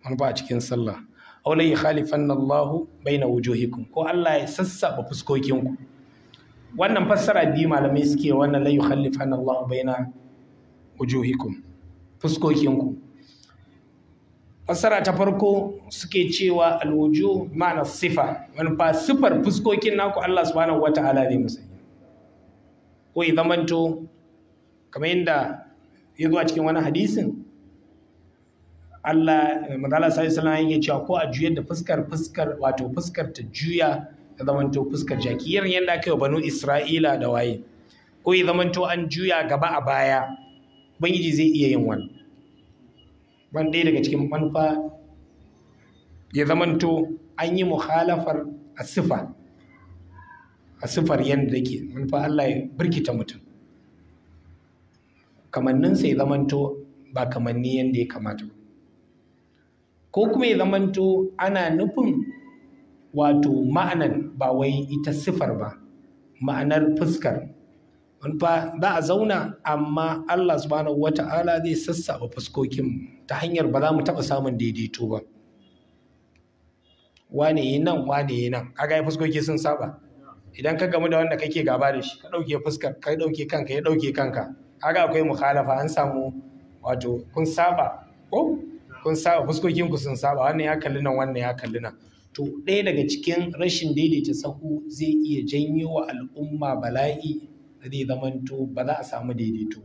wani ba a cikin sallah aula yi khalifan Allahu bai na wujuhikum ko Allah ya sassaba fuskokinku wannan fassara biyu malamai suke wannan khalifan na Allahu bai na wujuhikum fuskokinku fassara ta farko suke cewa alwuju ma'ana sifa wani ba sifar fuskokin naku Allah subhanahu wata'ala zai musanya ko ya zamanto kamar yadda ya zo a cikin wani hadisin Allah madala sai sallallahu alaihi cewa ko a juyar da fuskar fuskar wato fuskar ta juya ta zamanto fuskar jaki irin yadda aka yi wa banu Isra'ila da waye ko ya zamanto an juya gaba a baya ubangiji zai iya yin wani ban ɗaya daga cikin manufa ya zamanto an yi muhalafar a sifa a sifar yadda ke manufa Allah ya birkita mutum kamanninsa ya zamanto ba kamanni yadda ya kamata ba ko kuma ya zamanto ana nufin wato ma'anan ba wai ita sifar ba ma'anar fuskar fa za a zauna amma Allah subhanahu wata'ala zai sassaba fuskokin ta hanyar ba za mu taɓa samun daidaito ba wane yi nan wane yi nan kaga fuskoki sun saba idan ka gamu da wanda kake gaba da shi ka ɗauke fuskar ka ɗauke kanka ya ɗauke kanka kaga akwai mukhalafa an samu wato kun saba ko kun saba fuskokin ku sun saba wannan ya kalli nan wannan ya kalli nan to ɗaya daga cikin rashin daidaita sahu zai iya janyo wa al'umma bala'i da zai to ba za a samu daidaito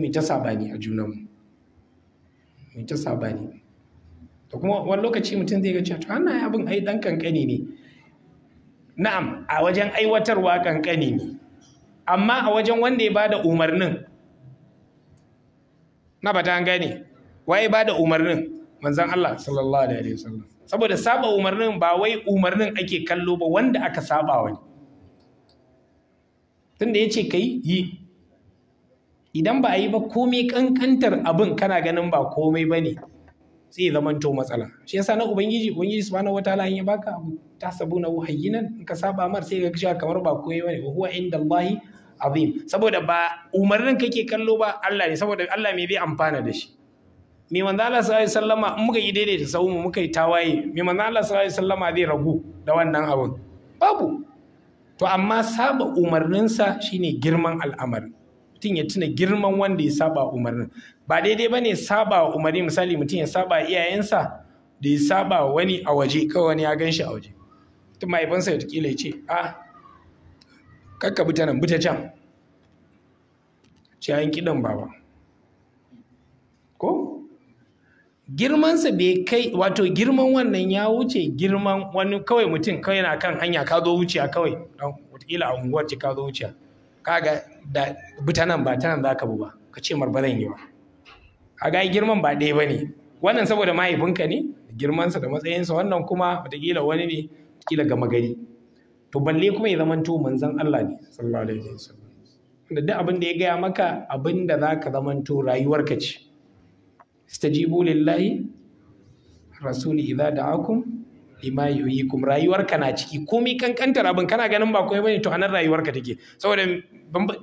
mai ta ne a junanmu mai ta ne. to kuma wani lokaci mutum zai ga cewa to wannan abin ai dan kankani ne na'am a wajen aiwatarwa kankani ne amma a wajen wanda ya bada umarnin na ba ta wa waye bada umarnin manzan Allah sallallahu alaihi wasallam saboda saba umarnin ba wai umarnin ake kallo ba wanda aka saba wani tunda yace kai yi idan ba a yi ba komai kankantar abin kana ganin ba komai ba ne sai ya to matsala shi yasa na ubangiji ubangiji subhanahu wataala in ya baka abu ta sabu na in ka saba mar sai ka kisha kamar ba komai bane huwa inda azim saboda ba umarnin kake kallo ba Allah ne saboda Allah me bai amfana da shi mai manzo Allah sallallahu alaihi in muka yi daidaita saumu muka yi tawaye mai manzo Allah sallallahu alaihi zai ragu da wannan abun babu to amma saba umarninsa shine girman al'amari mutum ya tuna girman wanda ya saba umarnin ba daidai ba ne saba wa umarni misali mutum ya saba iyayensa da ya saba wani a waje kawai wani ya gan shi a waje mutum mahaifinsa ya tukila ya ce ah kakka bi ta nan bi ta can ciyayin kidan kiɗan baba ko girmansa bai kai wato girman wannan ya wuce girman wani kawai mutum kawai na kan hanya ka zo wuciya kawai don watakila a unguwar ce ka zo wuciya kaga da bi ta nan ba ta nan za ka bi ba ka ce marbaran yi ba a ga girman ba ɗaya ba ne wannan saboda mahaifinka ne girmansa da matsayinsa wannan kuma watakila wani ne watakila gama gari to balle kuma ya to manzan Allah ne sallallahu alaihi wasallam da duk abin da ya gaya maka abin da za ka zamanto rayuwarka ce istajibu lillahi rasuli idza da'akum lima yuhyikum rayuwarka na ciki komai kankantar abin kana ganin ba komai bane to anan rayuwarka take saboda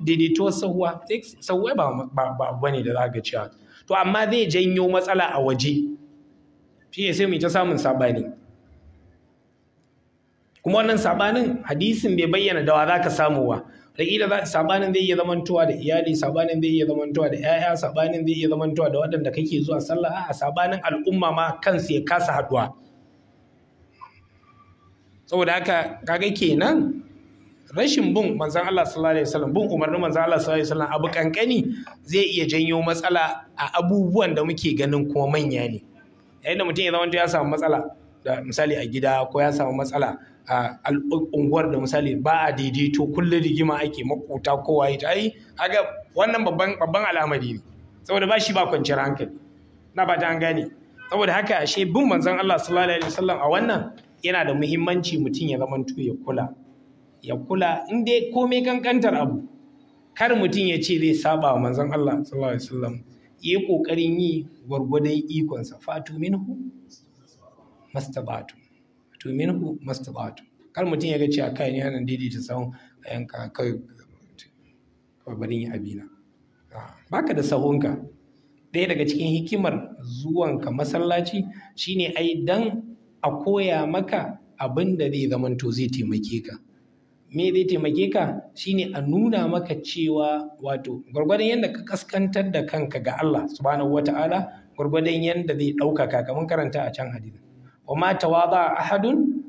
daidaito sahuwa sahuwa ba ba bane da zaka cewa to amma zai janyo matsala a waje shi ne sai mu ta samun sabani kuma wannan sabanin hadisin bai bayyana da wa za ka samu ba da sabanin zai iya zamantowa da iyali sabanin zai iya zamantowa da 'ya'ya sabanin zai iya zamantowa da waɗanda kake zuwa sallah a sabanin al'umma ma kansu ya kasa haduwa saboda haka kaga kenan rashin bin manzan Allah sallallahu alaihi wasallam bin umarnin manzan Allah sallallahu alaihi wasallam abu kankani zai iya janyo matsala a abubuwan da muke ganin kuma manya ne yayin da mutum ya zama ya samu matsala da misali a gida ko ya samu matsala unguwar da misali ba a daidaito kullum rigima ake makota kowa ya ta ai haka wannan babban al'amari ne saboda ba shi ba kwanciyar hankali na ba ta gane saboda haka ashe bin manzon Allah sallallahu alaihi wasallam a wannan yana da muhimmanci mutum ya zama ya kula ya kula in dai komai kankantar abu kar mutum ya ce zai saba wa manzon Allah sallallahu alaihi wasallam yi kokarin yi gwargwadon ikonsa fatu minhu mastabatu to minhu mastabatu kar mutum ya ga cewa kai ne nan daidaita sahun a yanka kai barin yin abina baka da sahunka ɗaya daga cikin hikimar zuwanka masallaci shine ai dan a koya maka abin da zai zamanta zai taimake ka me zai taimake ka shine a nuna maka cewa wato gwargwadon yadda ka kaskantar da kanka ga Allah subhanahu wata'ala gwargwadon yadda zai ɗaukaka kamar karanta a can hadisi wa ma tawada ahadun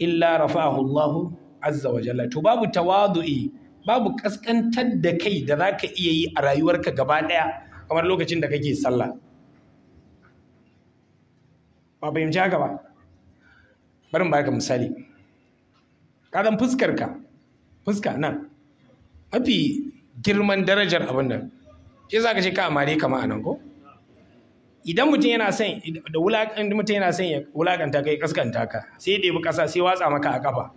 illa rafa'ahu Allahu azza wa jalla to babu tawadu'i babu kaskantar da kai da zaka iya yi a rayuwarka gaba daya kamar lokacin da kake sallah ba fahimci haka ba bari misali kadan fuskar ka fuska nan mafi girman darajar abin nan za zaka ce ka amare kama anan ko idan mutum yana son da wulakan mutum yana son ya wulakanta kai kaskanta ka sai ɗebi ƙasa sai watsa maka a kafa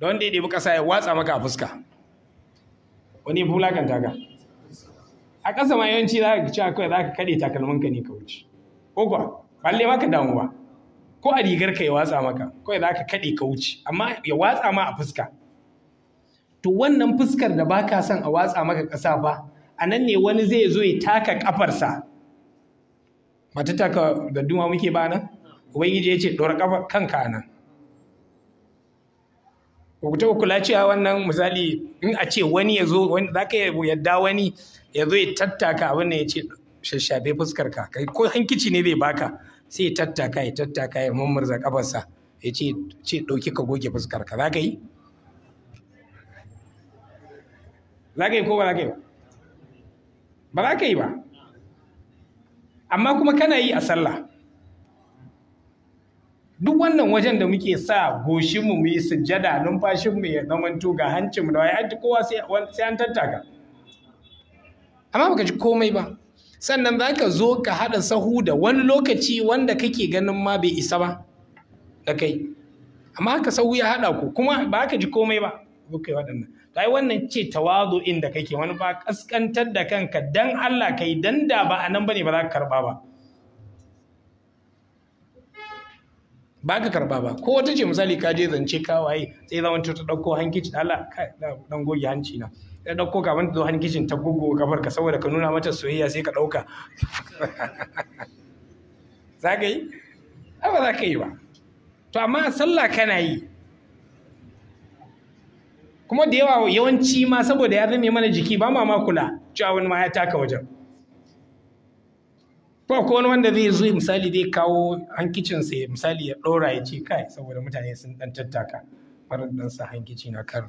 da wanda ya ɗebi ƙasa ya watsa maka a fuska wani ya fi wulakanta ka a ƙasa ma yawanci za ka ci kawai za ka kaɗe takalminka ne ka wuce ko kuwa balle maka damu ba ko a rigar ka ya watsa maka kawai za ka kaɗe ka wuce amma ya watsa ma a fuska to wannan fuskar da baka son a watsa maka ƙasa ba a nan ne wani zai zo ya taka kafarsa ba ta taka da duma muke ba nan ubangiji ya ce ɗora kafa kanka nan ba ku taɓa kula cewa wannan misali in a ce wani ya zo za ka yadda wani ya zo ya tattaka abin da ya ce shashafe fuskar ka kai ko hankici ne zai baka sai ya tattaka ya tattaka ya mummurza kafarsa ya ce ce ɗauki ka goge fuskar ka za ka yi za ka yi ko ba za ka yi ba za ka yi ba amma kuma kana yi a sallah duk wannan wajen da muke sa goshinmu mu yi sujjada numfashinmu ya zamanto ga hancinmu da wai aji kowa sai an tattaka amma baka ji komai ba sannan za ka zo ka haɗa sahu da wani lokaci wanda kake ganin ma bai isa ba da kai amma haka sahu ya haɗa ku kuma ba ka ji komai ba kai waɗannan kai wannan ce tawazu inda kake wani ba kaskantar da kanka dan Allah kai dan da ba anan bane ba za ka karba ba ba ka karba ba ko wata ce misali ka je zance ka waye sai za wanta ta dauko hankici Allah dan goge hanci na ta dauko ka wanta zo hankicin ta gogo kafar ka saboda ka nuna mata soyayya sai ka dauka za ka yi ba za ka yi ba to amma sallah kana yi kuma da yawa yawanci ma saboda ya zame mana jiki ba ma kula cewa wani ma ya taka wajen ko ko wani wanda zai zo misali zai kawo hankicin sa misali ya dora ya ce kai saboda mutane sun dan tattaka farar dan sa hankici na kar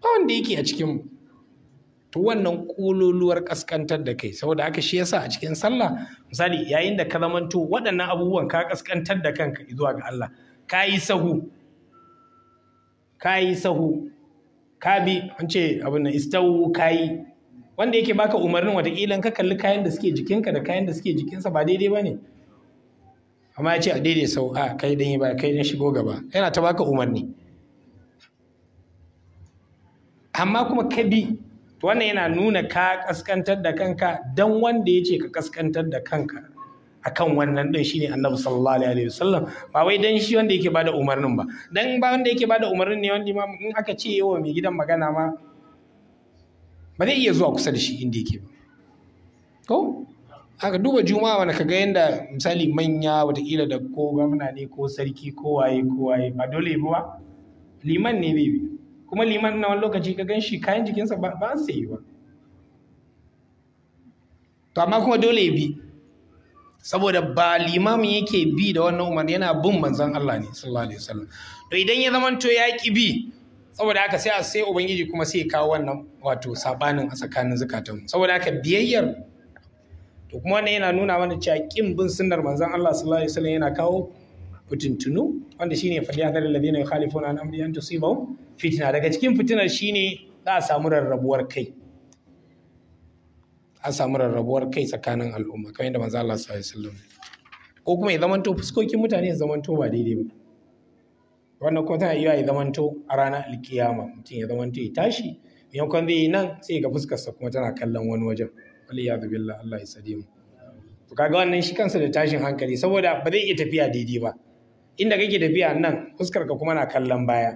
ba wanda yake a cikin to wannan kololuwar kaskantar da kai saboda haka shi yasa a cikin sallah misali yayin da ka zamanto waɗannan abubuwan ka kaskantar da kanka zuwa ga Allah ka yi sahu kayi sahu kabi bi an ce abin nan istawu kayi wanda yake baka umarnin wataƙila ka kalli kayan da suke jikinka da kayan da suke jikinsa ba daidai ba ne amma ya ce a daidai sau a kai dan yi ba kai dan shigo gaba yana ta baka umarni amma kuma kabi bi wannan yana nuna ka kaskantar da kanka dan wanda yace ka kaskantar da kanka akan wannan din shine annabi sallallahu alaihi wasallam ba wai dan shi wanda yake bada umarnin ba dan ba wanda yake bada umarnin ne wanda imam in aka ce yawa mai gidan magana ma ba zai iya zuwa kusa da shi inda yake ba ko aka duba juma'a wanda kaga yanda misali manya watakila da ko gwamna ne ko sarki ko waye ko waye ba dole ba liman ne ne kuma liman na wani lokaci ka gan shi kayan jikinsa ba sai yi ba to amma kuma dole ya bi saboda ba limamin yake bi da wannan umar yana bin manzan Allah ne sallallahu alaihi wasallam to idan ya zamanto ya ki bi saboda haka sai a sai ubangiji kuma sai kawo wannan wato sabanin a tsakanin zakatun saboda haka biyayyar to kuma wannan yana nuna mana cewa kin bin sunnar manzan Allah sallallahu alaihi wasallam yana kawo fitintunu wanda shine falyatar ladina yukhalifuna an amri an tusibahum fitina daga cikin fitinar shine za a samu rarrabuwar kai an samu rarrabuwar kai tsakanin al'umma kamar yadda manzo Allah sallallahu alaihi wasallam ko kuma ya zamanto fuskokin mutane ya zamanto ba daidai ba wannan kuma tana iya ya zamanto a ranar alkiyama mutum ya zamanto ya tashi yankon zai yi nan sai ga fuskarsa kuma tana kallon wani wajen waliyadu billah Allah ya sadi mu to kaga wannan shi kansa da tashin hankali saboda ba zai iya tafiya daidai ba inda kake tafiya nan fuskar ka kuma na kallon baya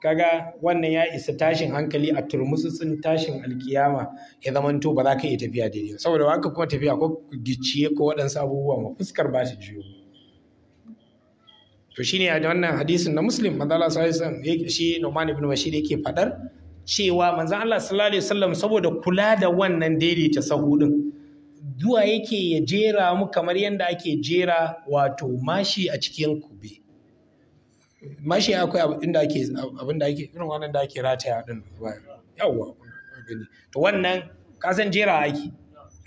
kaga wannan ya isa tashin hankali a turmutsutsun tashin alkiyama ya to ba za ka iya tafiya daidai saboda haka kuma tafiya ko gicciye ko waɗansu abubuwa ma fuskar ba ta jiyo to shine a wannan hadisin na muslim manzo Allah sallallahu alaihi wasallam shi Nu'man ibn Bashir yake fadar cewa manzo Allah sallallahu alaihi wasallam saboda kula da wannan daidaita sahu din zuwa yake ya jera mu kamar yadda ake jera wato mashi a cikin kube mashi akwai abin da ake abin da ake irin wannan da ake rataya din yawa gani to wannan ka san jera aiki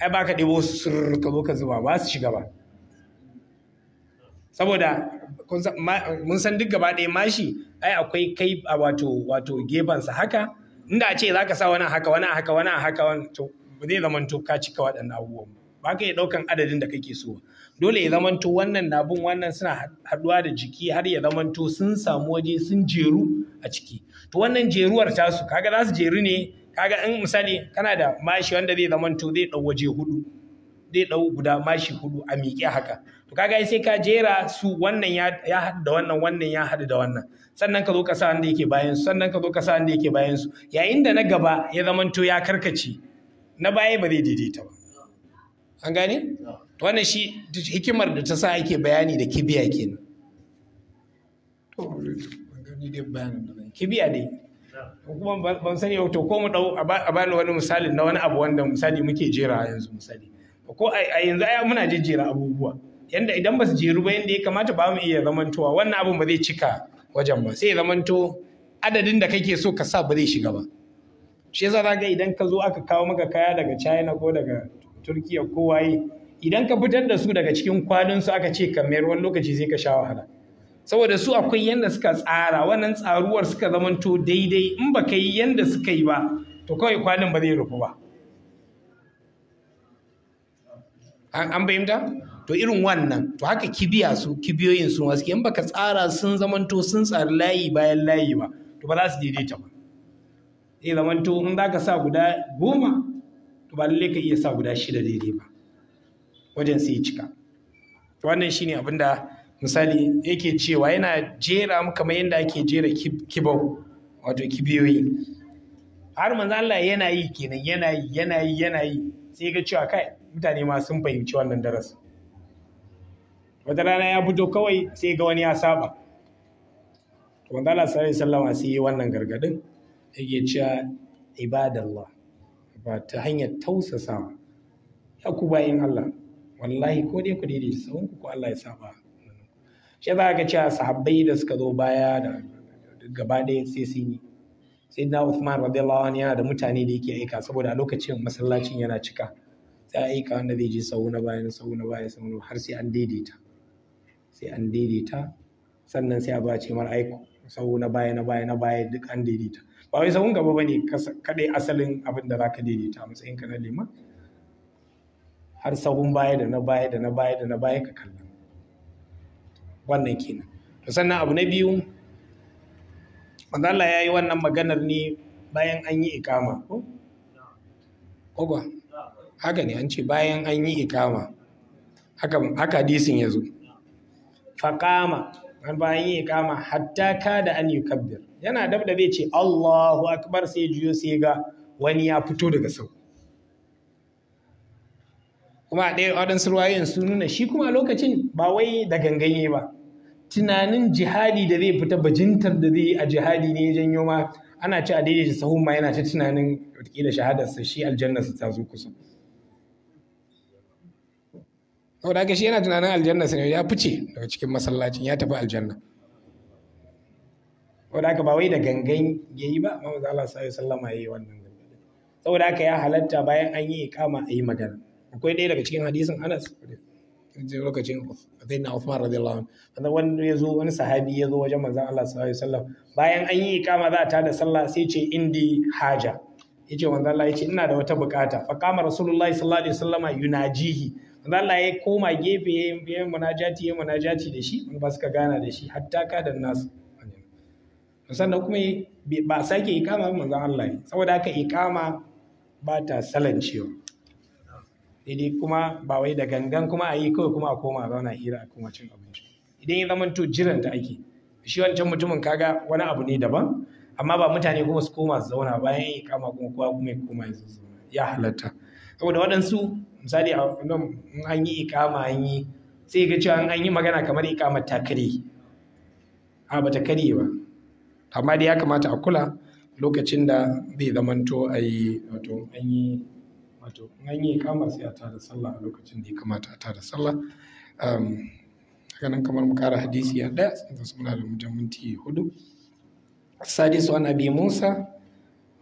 ai ba ka ɗebo sur ka zo ka zuba ba su shiga ba saboda mun san duk gaba ɗaya mashi ai akwai kai a wato wato sa haka inda a ce za ka sa wani haka wani haka wani haka wani to zai zama to ka cika waɗannan abubuwan ba ka iya ɗaukan adadin da kake so dole ya zamanto wannan na bin wannan suna haɗuwa da jiki har ya zamanto sun samu waje sun jeru a ciki to wannan jeruwar ta su kaga za su jeru ne kaga in misali kana da mashi wanda zai zamanto zai ɗau waje hudu zai ɗau guda mashi hudu a miƙe haka to kaga sai ka jera su wannan ya haɗu da wannan wannan ya haɗu da wannan sannan ka zo ka sa wanda yake bayan su sannan ka zo ka sa wanda yake bayan su yayin da na gaba ya zamanto ya karkace na baya ba zai daidaita ba an gane wannan shi hikimar da ta sa ake bayani da kibiya kenan kibiya dai kuma ban sani to ko mu dau a bani wani misali na wani abu wanda misali muke jera yanzu misali ko a yanzu aya muna jejjera abubuwa yanda idan ba su jeru ba yanda ya kamata ba mu iya zamantowa wannan abun ba zai cika wajen ba sai zamanto adadin da kake so ka sa ba zai shiga ba shi yasa ga idan ka zo aka kawo maka kaya daga China ko daga Turkiya ko waye idan ka fitar da su daga cikin su aka ce kamar wani lokaci zai ka sha wahala saboda su akwai yadda suka tsara wannan tsaruwar suka zamanto daidai in ba ka yi yadda suka yi ba to kawai kwanin ba zai rufu ba an fahimta to irin wannan to haka kibiya su kibiyoyin su wasu in baka tsara sun zamanto sun tsari layi bayan layi ba to ba za su daidaita ba zai zamanto in za ka sa guda goma to ba lallai ka iya sa guda shida daidai ba wajen sai cika wannan shine abin da misali yake cewa yana jera mu kamar yadda ake jera kibau wato kibiyoyi har manzo Allah yana yi kenan yana yi yana yi yana yi sai ga cewa kai mutane ma sun fahimci wannan darasi wata rana ya fito kawai sai ga wani ya saba to Allah wannan gargadin yake cewa ibadallah ba ta hanyar tausasawa ya ku bayin Allah wallahi ko dai ku daidaita sun ku Allah ya saba shi za ka cewa sahabbai da suka zo baya da gaba ɗaya sai sun yi sai na Uthman radiyallahu anhu yana da mutane da yake aika saboda a lokacin masallacin yana cika sai aika wanda zai je sahu na baya na na baya har sai an daidaita sai an daidaita sannan sai a ba ce mar aiko na baya na baya na baya duk an daidaita ba wai sahun gaba bane kadai asalin abin da zaka daidaita matsayin na liman har sahun baya da na baya da na baya da na baya ka kalla wannan kenan to sannan abu na biyu manzo Allah ya yi wannan maganar ne bayan an yi ikama ko ko haka ne an ce bayan an yi ikama haka haka hadisin ya zo faqama an bayan yi ikama hatta kada an yukabbir yana dabda bai ce Allahu akbar sai juyo sai ga wani ya fito daga sau kuma a ɗaya waɗansu ruwayoyin sun nuna shi kuma a lokacin ba wai da ganganye ba tunanin jihadi da zai fita bajintar da zai yi a jihadi ne ya janyo ma ana ci a daidaita sahun ma yana ta tunanin watakila shahadarsa shi su ta zo kusa saboda haka shi yana tunanin aljannarsa ne ya fice daga cikin masallacin ya tafi aljanna saboda haka ba wai da gangan ya yi ba mamu Allah sallallahu alaihi wasallama ya yi wannan saboda haka ya halatta bayan an yi kama a yi magana akwai ɗaya daga cikin hadisin Anas lokacin Zainna Uthman radiyallahu anhu wanda wani yazo wani sahabi ya zo wajen manzon Allah sallallahu alaihi wasallam bayan an yi ikama za ta da sallah sai ce indi haja yace manzon Allah yace ina da wata bukata fa kama rasulullahi sallallahu alaihi wasallama yunajihi manzon Allah ya koma gefe ya munajati ya munajati da shi ba suka gana da shi hatta da nasu sannan kuma ba sake ikama manzon Allah saboda haka ikama ba ta salancewa daidai kuma ba wai da gangan kuma a yi kawai kuma a koma zauna hira a kuma cin abinci idan ya zama to jiran ta ake shi wancan mutumin kaga wani abu ne daban amma ba mutane kuma su koma su zauna bayan ya kama kuma kowa kuma ya koma ya zauna ya halatta saboda waɗansu misali a nan an yi ikama an yi ga cewa an yi magana kamar ikamar ta kare a ta kare ba amma dai ya kamata a kula lokacin da zai zamanto a an yi wato in an yi kama sai a tada sallah a lokacin da ya kamata a tada sallah haka nan kamar mu kara hadisi ya ɗaya sun su muna da mujan minti hudu السادس عن أبي موسى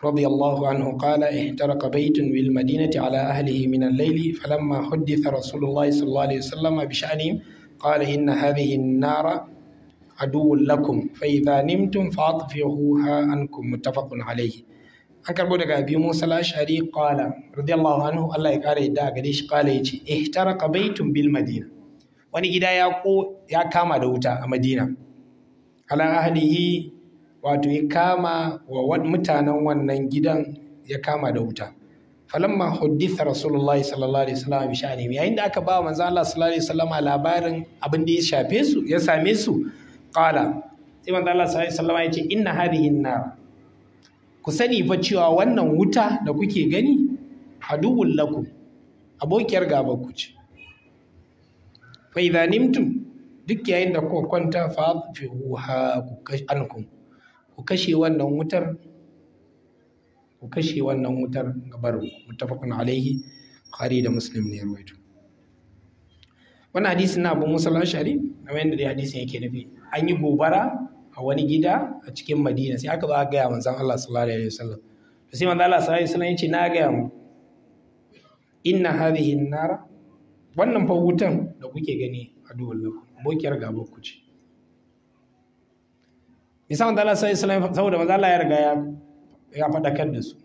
رضي الله عنه قال احترق بيت بالمدينة على أهله من الليل فلما حدث رسول الله صلى الله عليه وسلم بشأنهم قال إن هذه النار عدو لكم فإذا نمتم فأطفئوها عنكم متفق عليه an karbo daga abi musa lashari qala radiyallahu anhu Allah ya kare yadda a gare shi qala yace ihtaraqa baitun bil madina wani gida ya ko ya kama da wuta a madina ala ahlihi wato ya kama wa mutanen wannan gidan ya kama da wuta falamma hudditha rasulullahi sallallahu alaihi wasallam bi sha'ani yayin da aka ba manzo Allah sallallahu alaihi wasallam labarin abin da ya shafe su ya same su qala sai manzo Allah sallallahu alaihi wasallam ya ce inna hadhihi nar ku sani fa cewa wannan wuta da kuke gani aduwwul lakum abokiyar gaba ku ce fa idza duk yayin da kuka kwanta fa ruha ku ankum ku kashe wannan wutar ku kashe wannan wutar baro mutafakun alaihi bukhari da muslim ne ruwaito wannan hadisin na abu musa shari'a ashari kamar yadda dai hadisin yake nufi an yi gobara a wani gida a cikin madina sai aka zo a gaya manzan Allah sallallahu alaihi wasallam to sai manzan Allah sallallahu alaihi wasallam ya ce na gaya mu inna hadhihi nara wannan fa wutan da kuke gani a duwan lakum ga gaba ku ce isa manzan Allah sallallahu alaihi wasallam saboda manzan Allah ya riga ya ya kan da su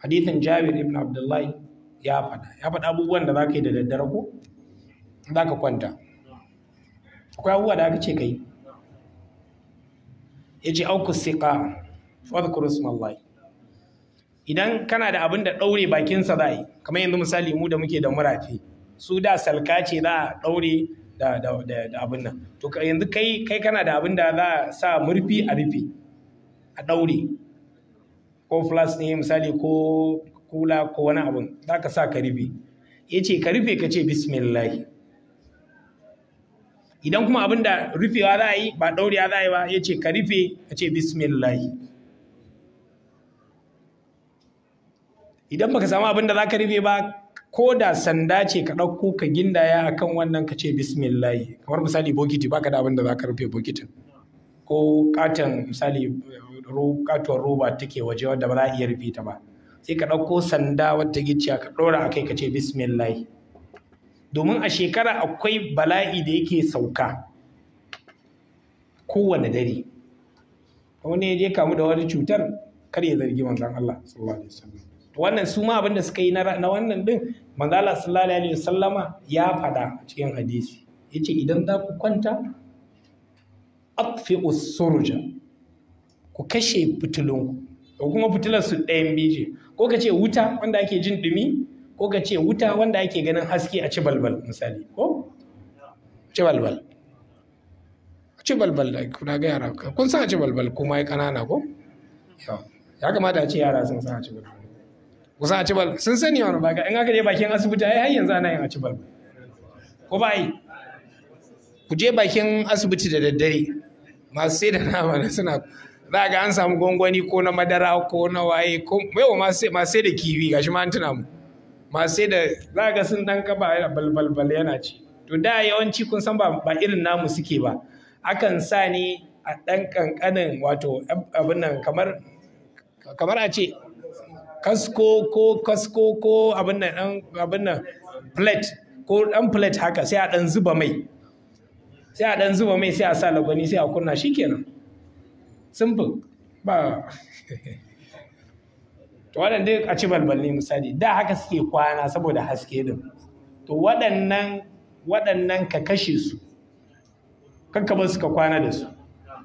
hadithin Jabir ibn Abdullahi ya fada ya fada abubuwan da za ka yi da daddare ko za ka kwanta akwai abubuwa da aka ce ka yi ya ce auku siƙa wadda Allah idan kana da abin da ɗaure bakinsa za a yi kamar yanzu misali mu da muke da murafi su da salka ce za a ɗaure da abin nan to yanzu kai kai kana da abin da za a sa murfi a rufe a ɗaure ko flas ne misali ko kula ko wani abin za ka sa ka rufe ya ce ka rufe ka ce bismillahi idan kuma abin da rufewa za a yi ba daurewa za a yi ba ya ce ka rufe a ce bismillahi idan baka samu abin da za ka rufe ba ko da sanda ce ka ɗauko ka gindaya a kan wannan ka ce bismillahi kamar misali bokiti baka da abin da za ka rufe bokitin ko katon misali katuwar roba take waje wadda ba za a iya rufe ta ba sai ka ɗauko sanda wata gicciya ka ɗora a kai ka ce bismillahi domin a shekara akwai bala'i da yake sauka kowane dare wani ya je kamu da wani cutar kar ya zargi manzan Allah wannan su ma abin suka yi na wannan din manzan Allah sallallahu alaihi wasallama ya fada a cikin hadisi yace idan za ku kwanta atfi'u usurja ku kashe fitilun ku kuma fitilar su ɗayan biyu ko ka ce wuta wanda ake jin dumi ko ka ce wuta wanda ake ganin haske a cibalbal misali ko ci balbal ci balbal da kuna ga yara kun san a ci balbal kuma ya kanana ko ya kamata a ce yara sun san a ci balbal kusan a ci balbal sun sani wani baka in aka je bakin asibiti ai har yanzu ana yin a ci balbal ko ba yi ku je bakin asibiti da daddare masu sai da nama na suna za ga an samu gwangwani ko na madara ko na waye ko mai masu sai da kiwi gashi ma an tuna mu masu da za ga sun dan kaba balbalbal yana ci to da yawanci kun san ba irin namu suke ba akan sa ne a ɗan kankanin wato abin nan kamar kamar a ce kasko ko kasko ko abin nan abin nan plate ko ɗan plate haka sai a ɗan zuba mai sai a dan zuba mai sai a sa lagwani sai a kunna shikenan simple ba to wannan a ci balballi misali da haka suke kwana saboda haske din to waɗannan waɗannan ka kashe su kanka ba suka kwana da su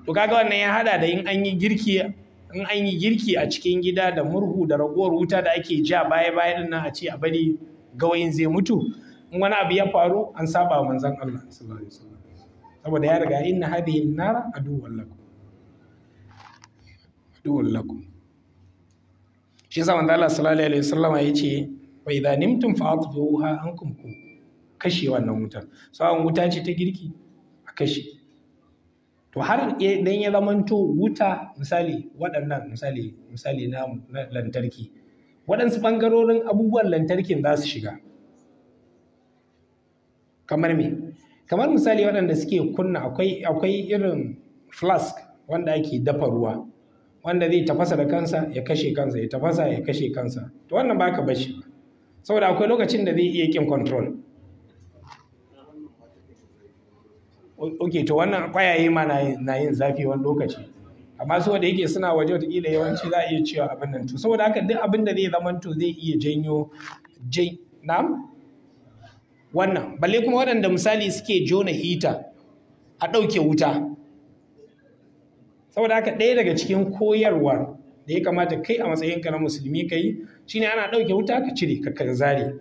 to kaga wannan ya hada da in an yi girki in an yi girki a cikin gida da murhu da ragowar wuta da ake ja baya baya din nan a ce a bari gawayin zai mutu in wani abu ya faru an saba manzon Allah sallallahu alaihi wasallam saboda ya riga inna hadhihi an-nar aduwwan lakum aduwwan lakum shi yasa manzo Allah sallallahu alaihi wasallam ya ce wa idza nimtum fa atfuha ankum ku kashe wannan wutar sawan wuta ce ta girki a kashe to har dan ya zamanto wuta misali waɗannan misali misali na lantarki waɗansu ɓangarorin abubuwan lantarkin za su shiga kamar me kamar misali waɗanda suke kunna akwai akwai irin flask wanda ake dafa ruwa wanda zai tafasa da kansa ya kashe kansa ya tafasa ya kashe kansa to wannan baka bashi ba saboda akwai lokacin da zai iya kin control ok to wannan kwayaye ma na yin zafi wani lokaci amma su wanda yake suna waje watakila yawanci za a iya cewa abin nan to saboda haka duk abin da zai to zai iya janyo jai na'am wannan balle kuma waɗanda misali suke jona hita a ɗauke wuta saboda haka ɗaya daga cikin koyarwa da ya kamata kai a matsayinka na musulmi ka yi shine ana ɗauke wuta ka cire ka zare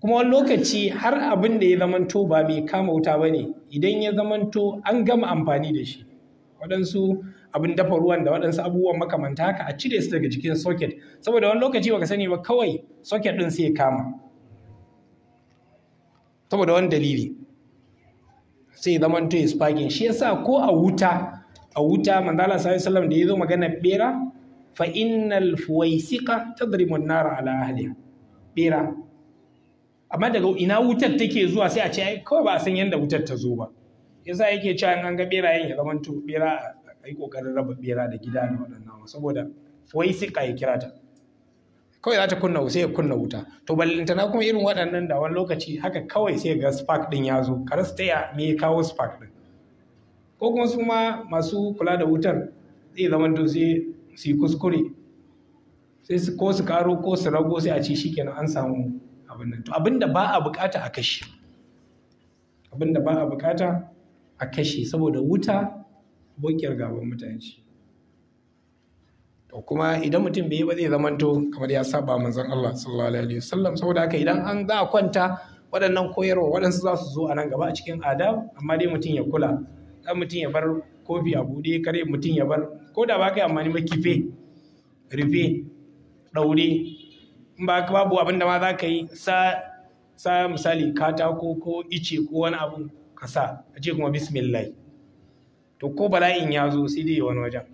kuma wani lokaci har abin da ya zamanto ba mai kama wuta ba ne idan ya zamanto an gama amfani da shi waɗansu abin dafa ruwan da waɗansu abubuwan makamanta haka a cire su daga cikin socket saboda wani lokaci baka sani ba kawai socket ɗin sai kama saboda wani dalili sai zamanto ya sparking shi yasa ko a wuta a wuta manzala sallallahu da yazo magana bera fa innal fuwaisika tadrimu an-nara ala ahliha bera amma daga ina wutar take zuwa sai a ce ai kawai ba a san yadda wutar ta zo ba yasa yake cewa an ga yin ya zamanto bera a yi kokarin raba bera da gida da waɗannan saboda fuwaisika ya kira ta kawai za ta kunna sai ya kunna wuta to ballantana kuma irin waɗannan da wani lokaci haka kawai sai ga spark din ya zo kar me kawo spark din ko kuma su ma masu kula da wutar zai zama to sai su yi kuskure sai su ko su karo ko su rago sai a ce kenan an samu abin nan to abin da ba a bukata a kashe abin da ba a bukata a kashe saboda wuta bokiyar gaban mutane to kuma idan mutum bai yi ba zai to kamar ya saba manzon Allah sallallahu alaihi wasallam saboda haka idan an za a kwanta waɗannan koyarwa waɗansu za su zo a nan gaba a cikin adab amma dai mutum ya kula kan mutum ya bar kofi a bude kare mutum ya bar ko da ba ka yi amfani ba rufe ɗaure ba ka babu abin da ma za ka yi sa misali katako ko ice ko wani abu ka sa a ce kuma bismillah to ko bala'in ya zo sai dai wani wajen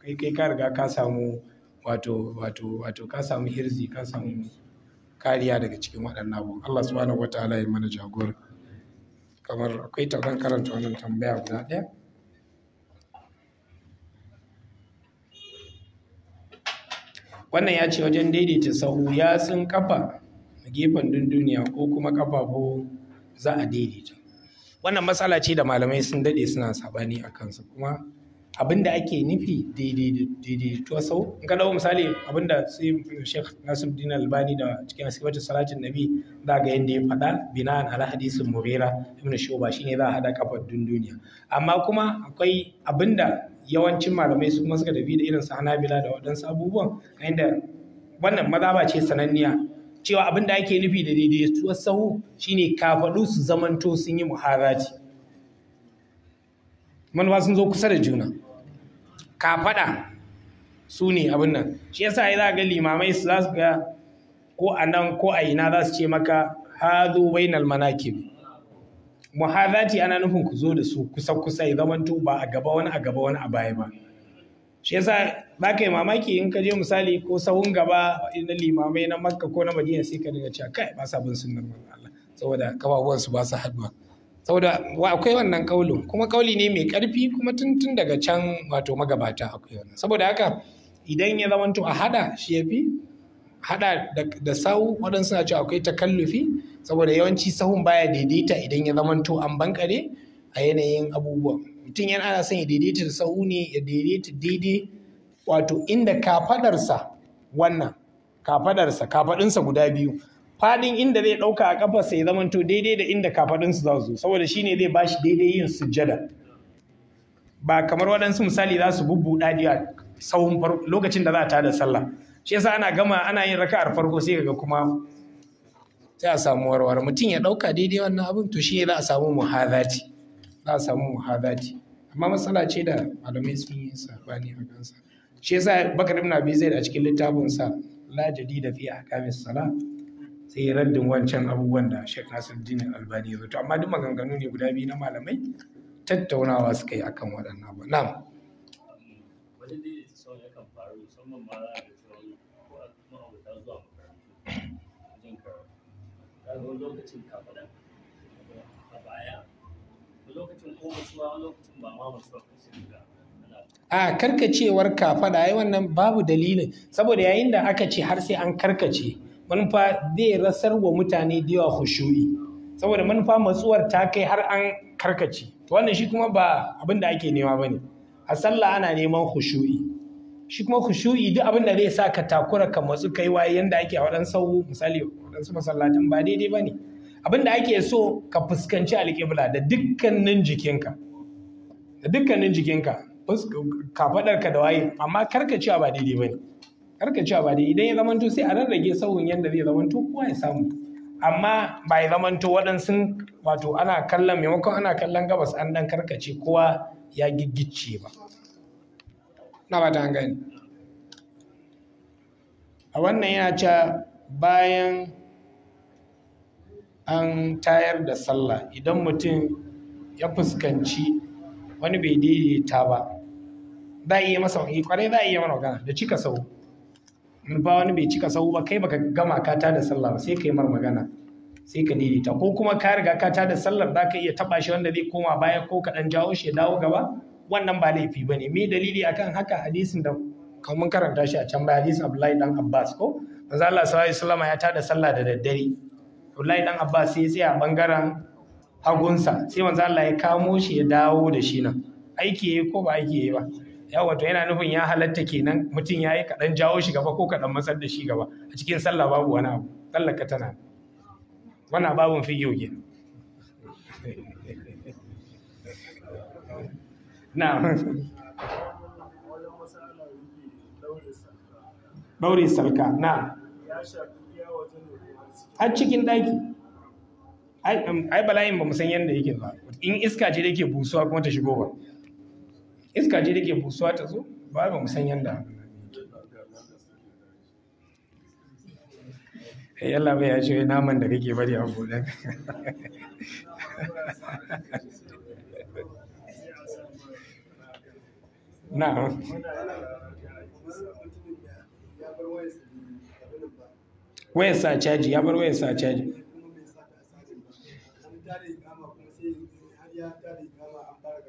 kai kai ka riga ka samu wato wato wato ka samu hirzi ka samu kariya daga cikin waɗannan abu Allah subhanahu wataala ya mana jagora kamar akwai ta karanta wannan tambaya guda ɗaya wannan ya ce wajen daidaita sahu ya sun kafa a gefen dunduniya ko kuma kafafu za a daidaita wannan matsala ce da malamai sun daɗe suna saɓani a kansa kuma abin da ake nufi daidaito sau in ka dawo misali abin da sai Sheikh Nasiruddin Albani da cikin sifatin salatin nabi za ga yadda ya faɗa bina'an ala hadisin Mughira ibn Shuba ne za a hada kafar duniya. amma kuma akwai abin yawancin malamai su kuma suka tafi da irin su Hanabila da waɗansu abubuwan yadda wannan mazaba ce sananniya cewa abinda da ake nufi da daidaito sau shine kafaɗu su zamanto sun yi muharaci manuwa sun zo kusa da juna kafaɗa su ne abin nan shi yasa ya ga limamai su za su ga ko a nan ko a ina za su ce maka hazo bainal manakib muhadati ana nufin ku zo da su kusa kusa ya zamanto ba a gaba wani a gaba wani a baya ba shi yasa ba ka yi mamaki in ka je misali ko sahun gaba na limamai na makka ko na madina sai ka daga cewa kai ba sa bin sunnar Allah saboda kafafuwansu ba su haduwa saboda akwai wannan kaulin kuma kauli ne mai karfi kuma tuntun daga can wato magabata akwai wannan saboda haka idan ya zamanto a hada shi ya fi hada da sahu waɗansu suna cewa akwai takallufi saboda yawanci sahun baya daidaita idan ya zamanto an bankare a yanayin abubuwa. mutum yana ana son ya daidaita da sahu ne ya daidaita daidai wato inda kafadarsa wannan kafadarsa kafadinsa guda biyu fadin inda zai ɗauka a kafarsa ya to daidai da inda kafadun su za su saboda shine zai bashi daidai yin sujjada ba kamar waɗansu misali za su bubbuɗa a tsawon lokacin da za ta da sallah shi yasa ana gama ana yin raka'ar farko sai ga kuma sai a samu warware mutum ya ɗauka daidai wannan abin to shi za a samu muhadati za a samu muhadati amma matsala ce da malamai sun yi sabani a kansa shi yasa bakar ibn abi zai da cikin littafinsa la jadida fi ahkamis salat sai ya raddin wancan abubuwan da Sheikh Nasiruddin Albani ya zo amma duk maganganu ne guda biyu na malamai tattaunawa suka yi akan waɗannan abu na'am wani a zuwa kan da a karkacewar kafaɗa ai wannan babu dalilin saboda yayin da aka ce har sai an karkace manufa zai rasar wa mutane da yawa khushu'i saboda manufa matsuwar ta kai har an karkace to wannan shi kuma ba abin da ake nema bane a sallah ana neman khushu'i shi kuma khushu'i duk abin da zai sa ka takura ka matsu kai waye yanda ake a wadan sau misali su masallatan ba daidai bane abin da ake so ka fuskanci alƙibla da dukkanin jikinka da dukkanin jikinka kafadarka da waye amma karkacewa ba daidai bane karka cewa ba dai idan ya zamanto sai a rarrage sauhun yadda zai zamanto kowa ya samu amma ba ya zamanto waɗansu wato ana kallon maimakon ana kallon gabas an dan karkace kowa ya giggice ba na ba ta gani a wannan yana ca bayan an tayar da sallah idan mutum ya fuskanci wani bai daidaita ba za a iya masa kwarai eh, za a iya mana magana da cika sau in wani bai cika sahu ba kai baka gama ka da sallah ba sai kai mar magana sai ka didita ko kuma ka riga ka da sallar za ka iya taba shi wanda zai koma baya ko ka dan jawo shi ya dawo gaba wannan ba laifi bane me dalili akan haka hadisin da mun karanta shi a can baya hadisin Abdullahi dan Abbas ko manzo Allah sallallahu alaihi wasallam ya tada sallah da daddare Abdullahi dan Abbas sai ya tsaya bangaren hagunsa sai manzo Allah ya kamo shi ya dawo da shi nan aiki yi ko ba aiki yi ba yawa to yana nufin ya halatta kenan mutum ya yi kaɗan jawo shi gaba ko kaɗan masar da shi gaba a cikin sallah babu wani abu sallah ka tana wannan babun fi yau na ɗaure salka na a cikin ɗaki ai bala'in ba mu san yadda yake ba in iska ce da yake busuwa kuma ta shigo ba iska ce ke busuwa ta zo ba ba musan yadda yanda eh, yalla bai ya ce naman da kake bari a bude na wayar sa caji ya bar wayar sa caji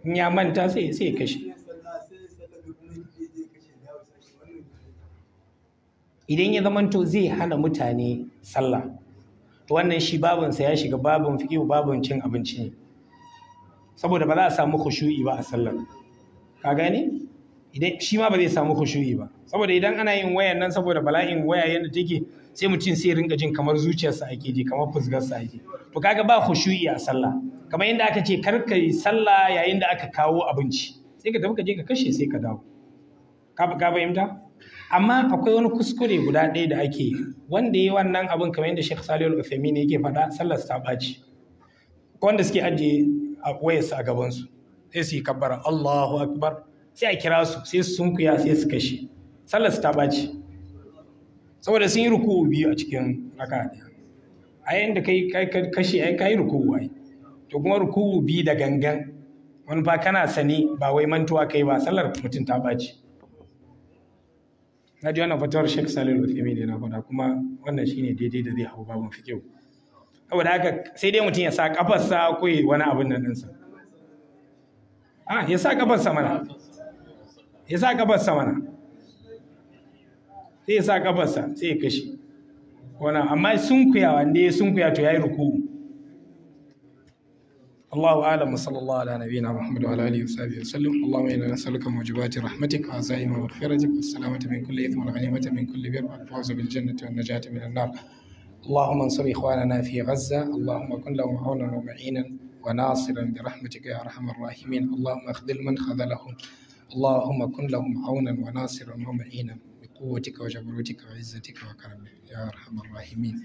in ya manta sai sai kashe idan ya to zai hana mutane sallah to wannan shi babinsa ya shiga babin fiƙi babin cin abinci ne saboda ba za a samu khushu'i ba a sallar ka gane idan shi ma ba zai samu khushu'i ba saboda idan ana yin wayan nan saboda bala'in waya yanda take sai mutum sai ringa jin kamar zuciyarsa ake ji kamar fusgarsa ake to kaga ba khushu'i a sallah kamar yadda aka ce kar ka yi sallah yayin da aka kawo abinci sai ka tafi ka je ka kashe sai ka dawo ka fahimta amma akwai wani kuskure guda ɗaya da ake yi wanda yi wannan abin kamar yadda Sheikh Salih Al-Uthaymeen yake faɗa sallar ta ɓaci wanda suke ajiye a a gabansu sai su yi kabbara Allahu Akbar sai a kira su sai su sunkuya sai su kashe sallar ta ɓaci saboda sun yi ruku'u biyu a cikin raka ɗaya a da kai kashi ai kai ruku'u ai to kuma ruku'u biyu da gangan wani fa kana sani ba wai mantuwa kai ba sallar mutum ta baci na ji wannan fatawar Sheikh Salih Al-Uthaymeen na faɗa kuma wannan shine daidai da zai hau babun fiqh saboda haka sai dai mutum ya sa kafarsa ko wani abin nan ɗinsa ah ya sa kafarsa mana ya sa kafarsa mana sai ya sa kafarsa sai ya kashe wannan amma sunkuya wanda ya sunkuya to yi ruku Allahu a'lam sallallahu ala nabiyina Muhammad wa alihi wa sahbihi wa sallam Allahumma inna nas'aluka mujibati rahmatik wa azaima wa khiratik wa salamata min kulli ithm wa ghanimata min kulli bir اللهم انصر إخواننا في غزة اللهم كن لهم عونا ومعينا وناصرا برحمتك يا أرحم الراحمين اللهم اخذل من خذلهم اللهم كن لهم عونا وناصرا ومعينا قوتك وجبروتك وعزتك وكرمك يا أرحم الراحمين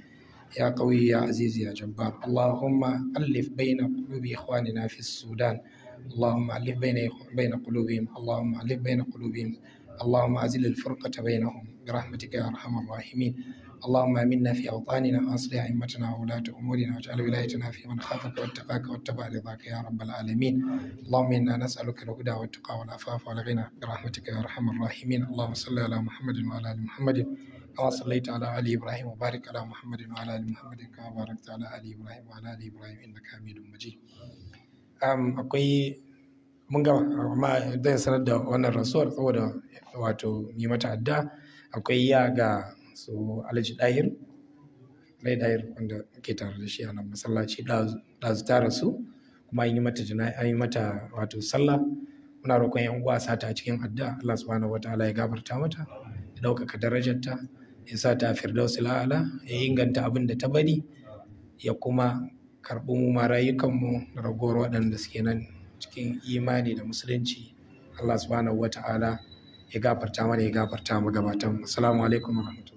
يا قوي يا عزيز يا جبار اللهم ألف بين قلوب إخواننا في السودان اللهم ألف بين بين قلوبهم اللهم ألف بين قلوبهم اللهم أزل الفرقة بينهم برحمتك يا أرحم الراحمين اللهم امنا في اوطاننا واصلح ائمتنا وولاة امورنا واجعل ولايتنا في من خافك واتقاك واتبع رضاك يا رب العالمين اللهم انا نسالك الهدى والتقى والعفاف والغنى برحمتك يا ارحم الراحمين اللهم صل على محمد وعلى ال محمد كما صليت على آل ابراهيم وبارك على محمد وعلى ال محمد كما باركت على آل ابراهيم وعلى ال ابراهيم انك حميد مجيد um, akwai mun gama amma zan sanar da wannan rasuwar saboda wato mai mata adda akwai ya ga so alhaji dahir lai dahir wanda ke tare da shi a nan masallaci ɗazu ta rasu kuma an yi mata an yi mata wato sallah muna roƙon yan uwa sata ta cikin addu'a Allah subhanahu wataala ya gafarta mata ya ɗaukaka darajarta ya sa ta firdausu la'ala ya inganta abin da ta bari ya kuma karɓi mu ma rayukanmu da ragowar waɗanda suke nan cikin imani da musulunci Allah subhanahu wataala ya gafarta mana ya gafarta mu gabatan assalamu alaikum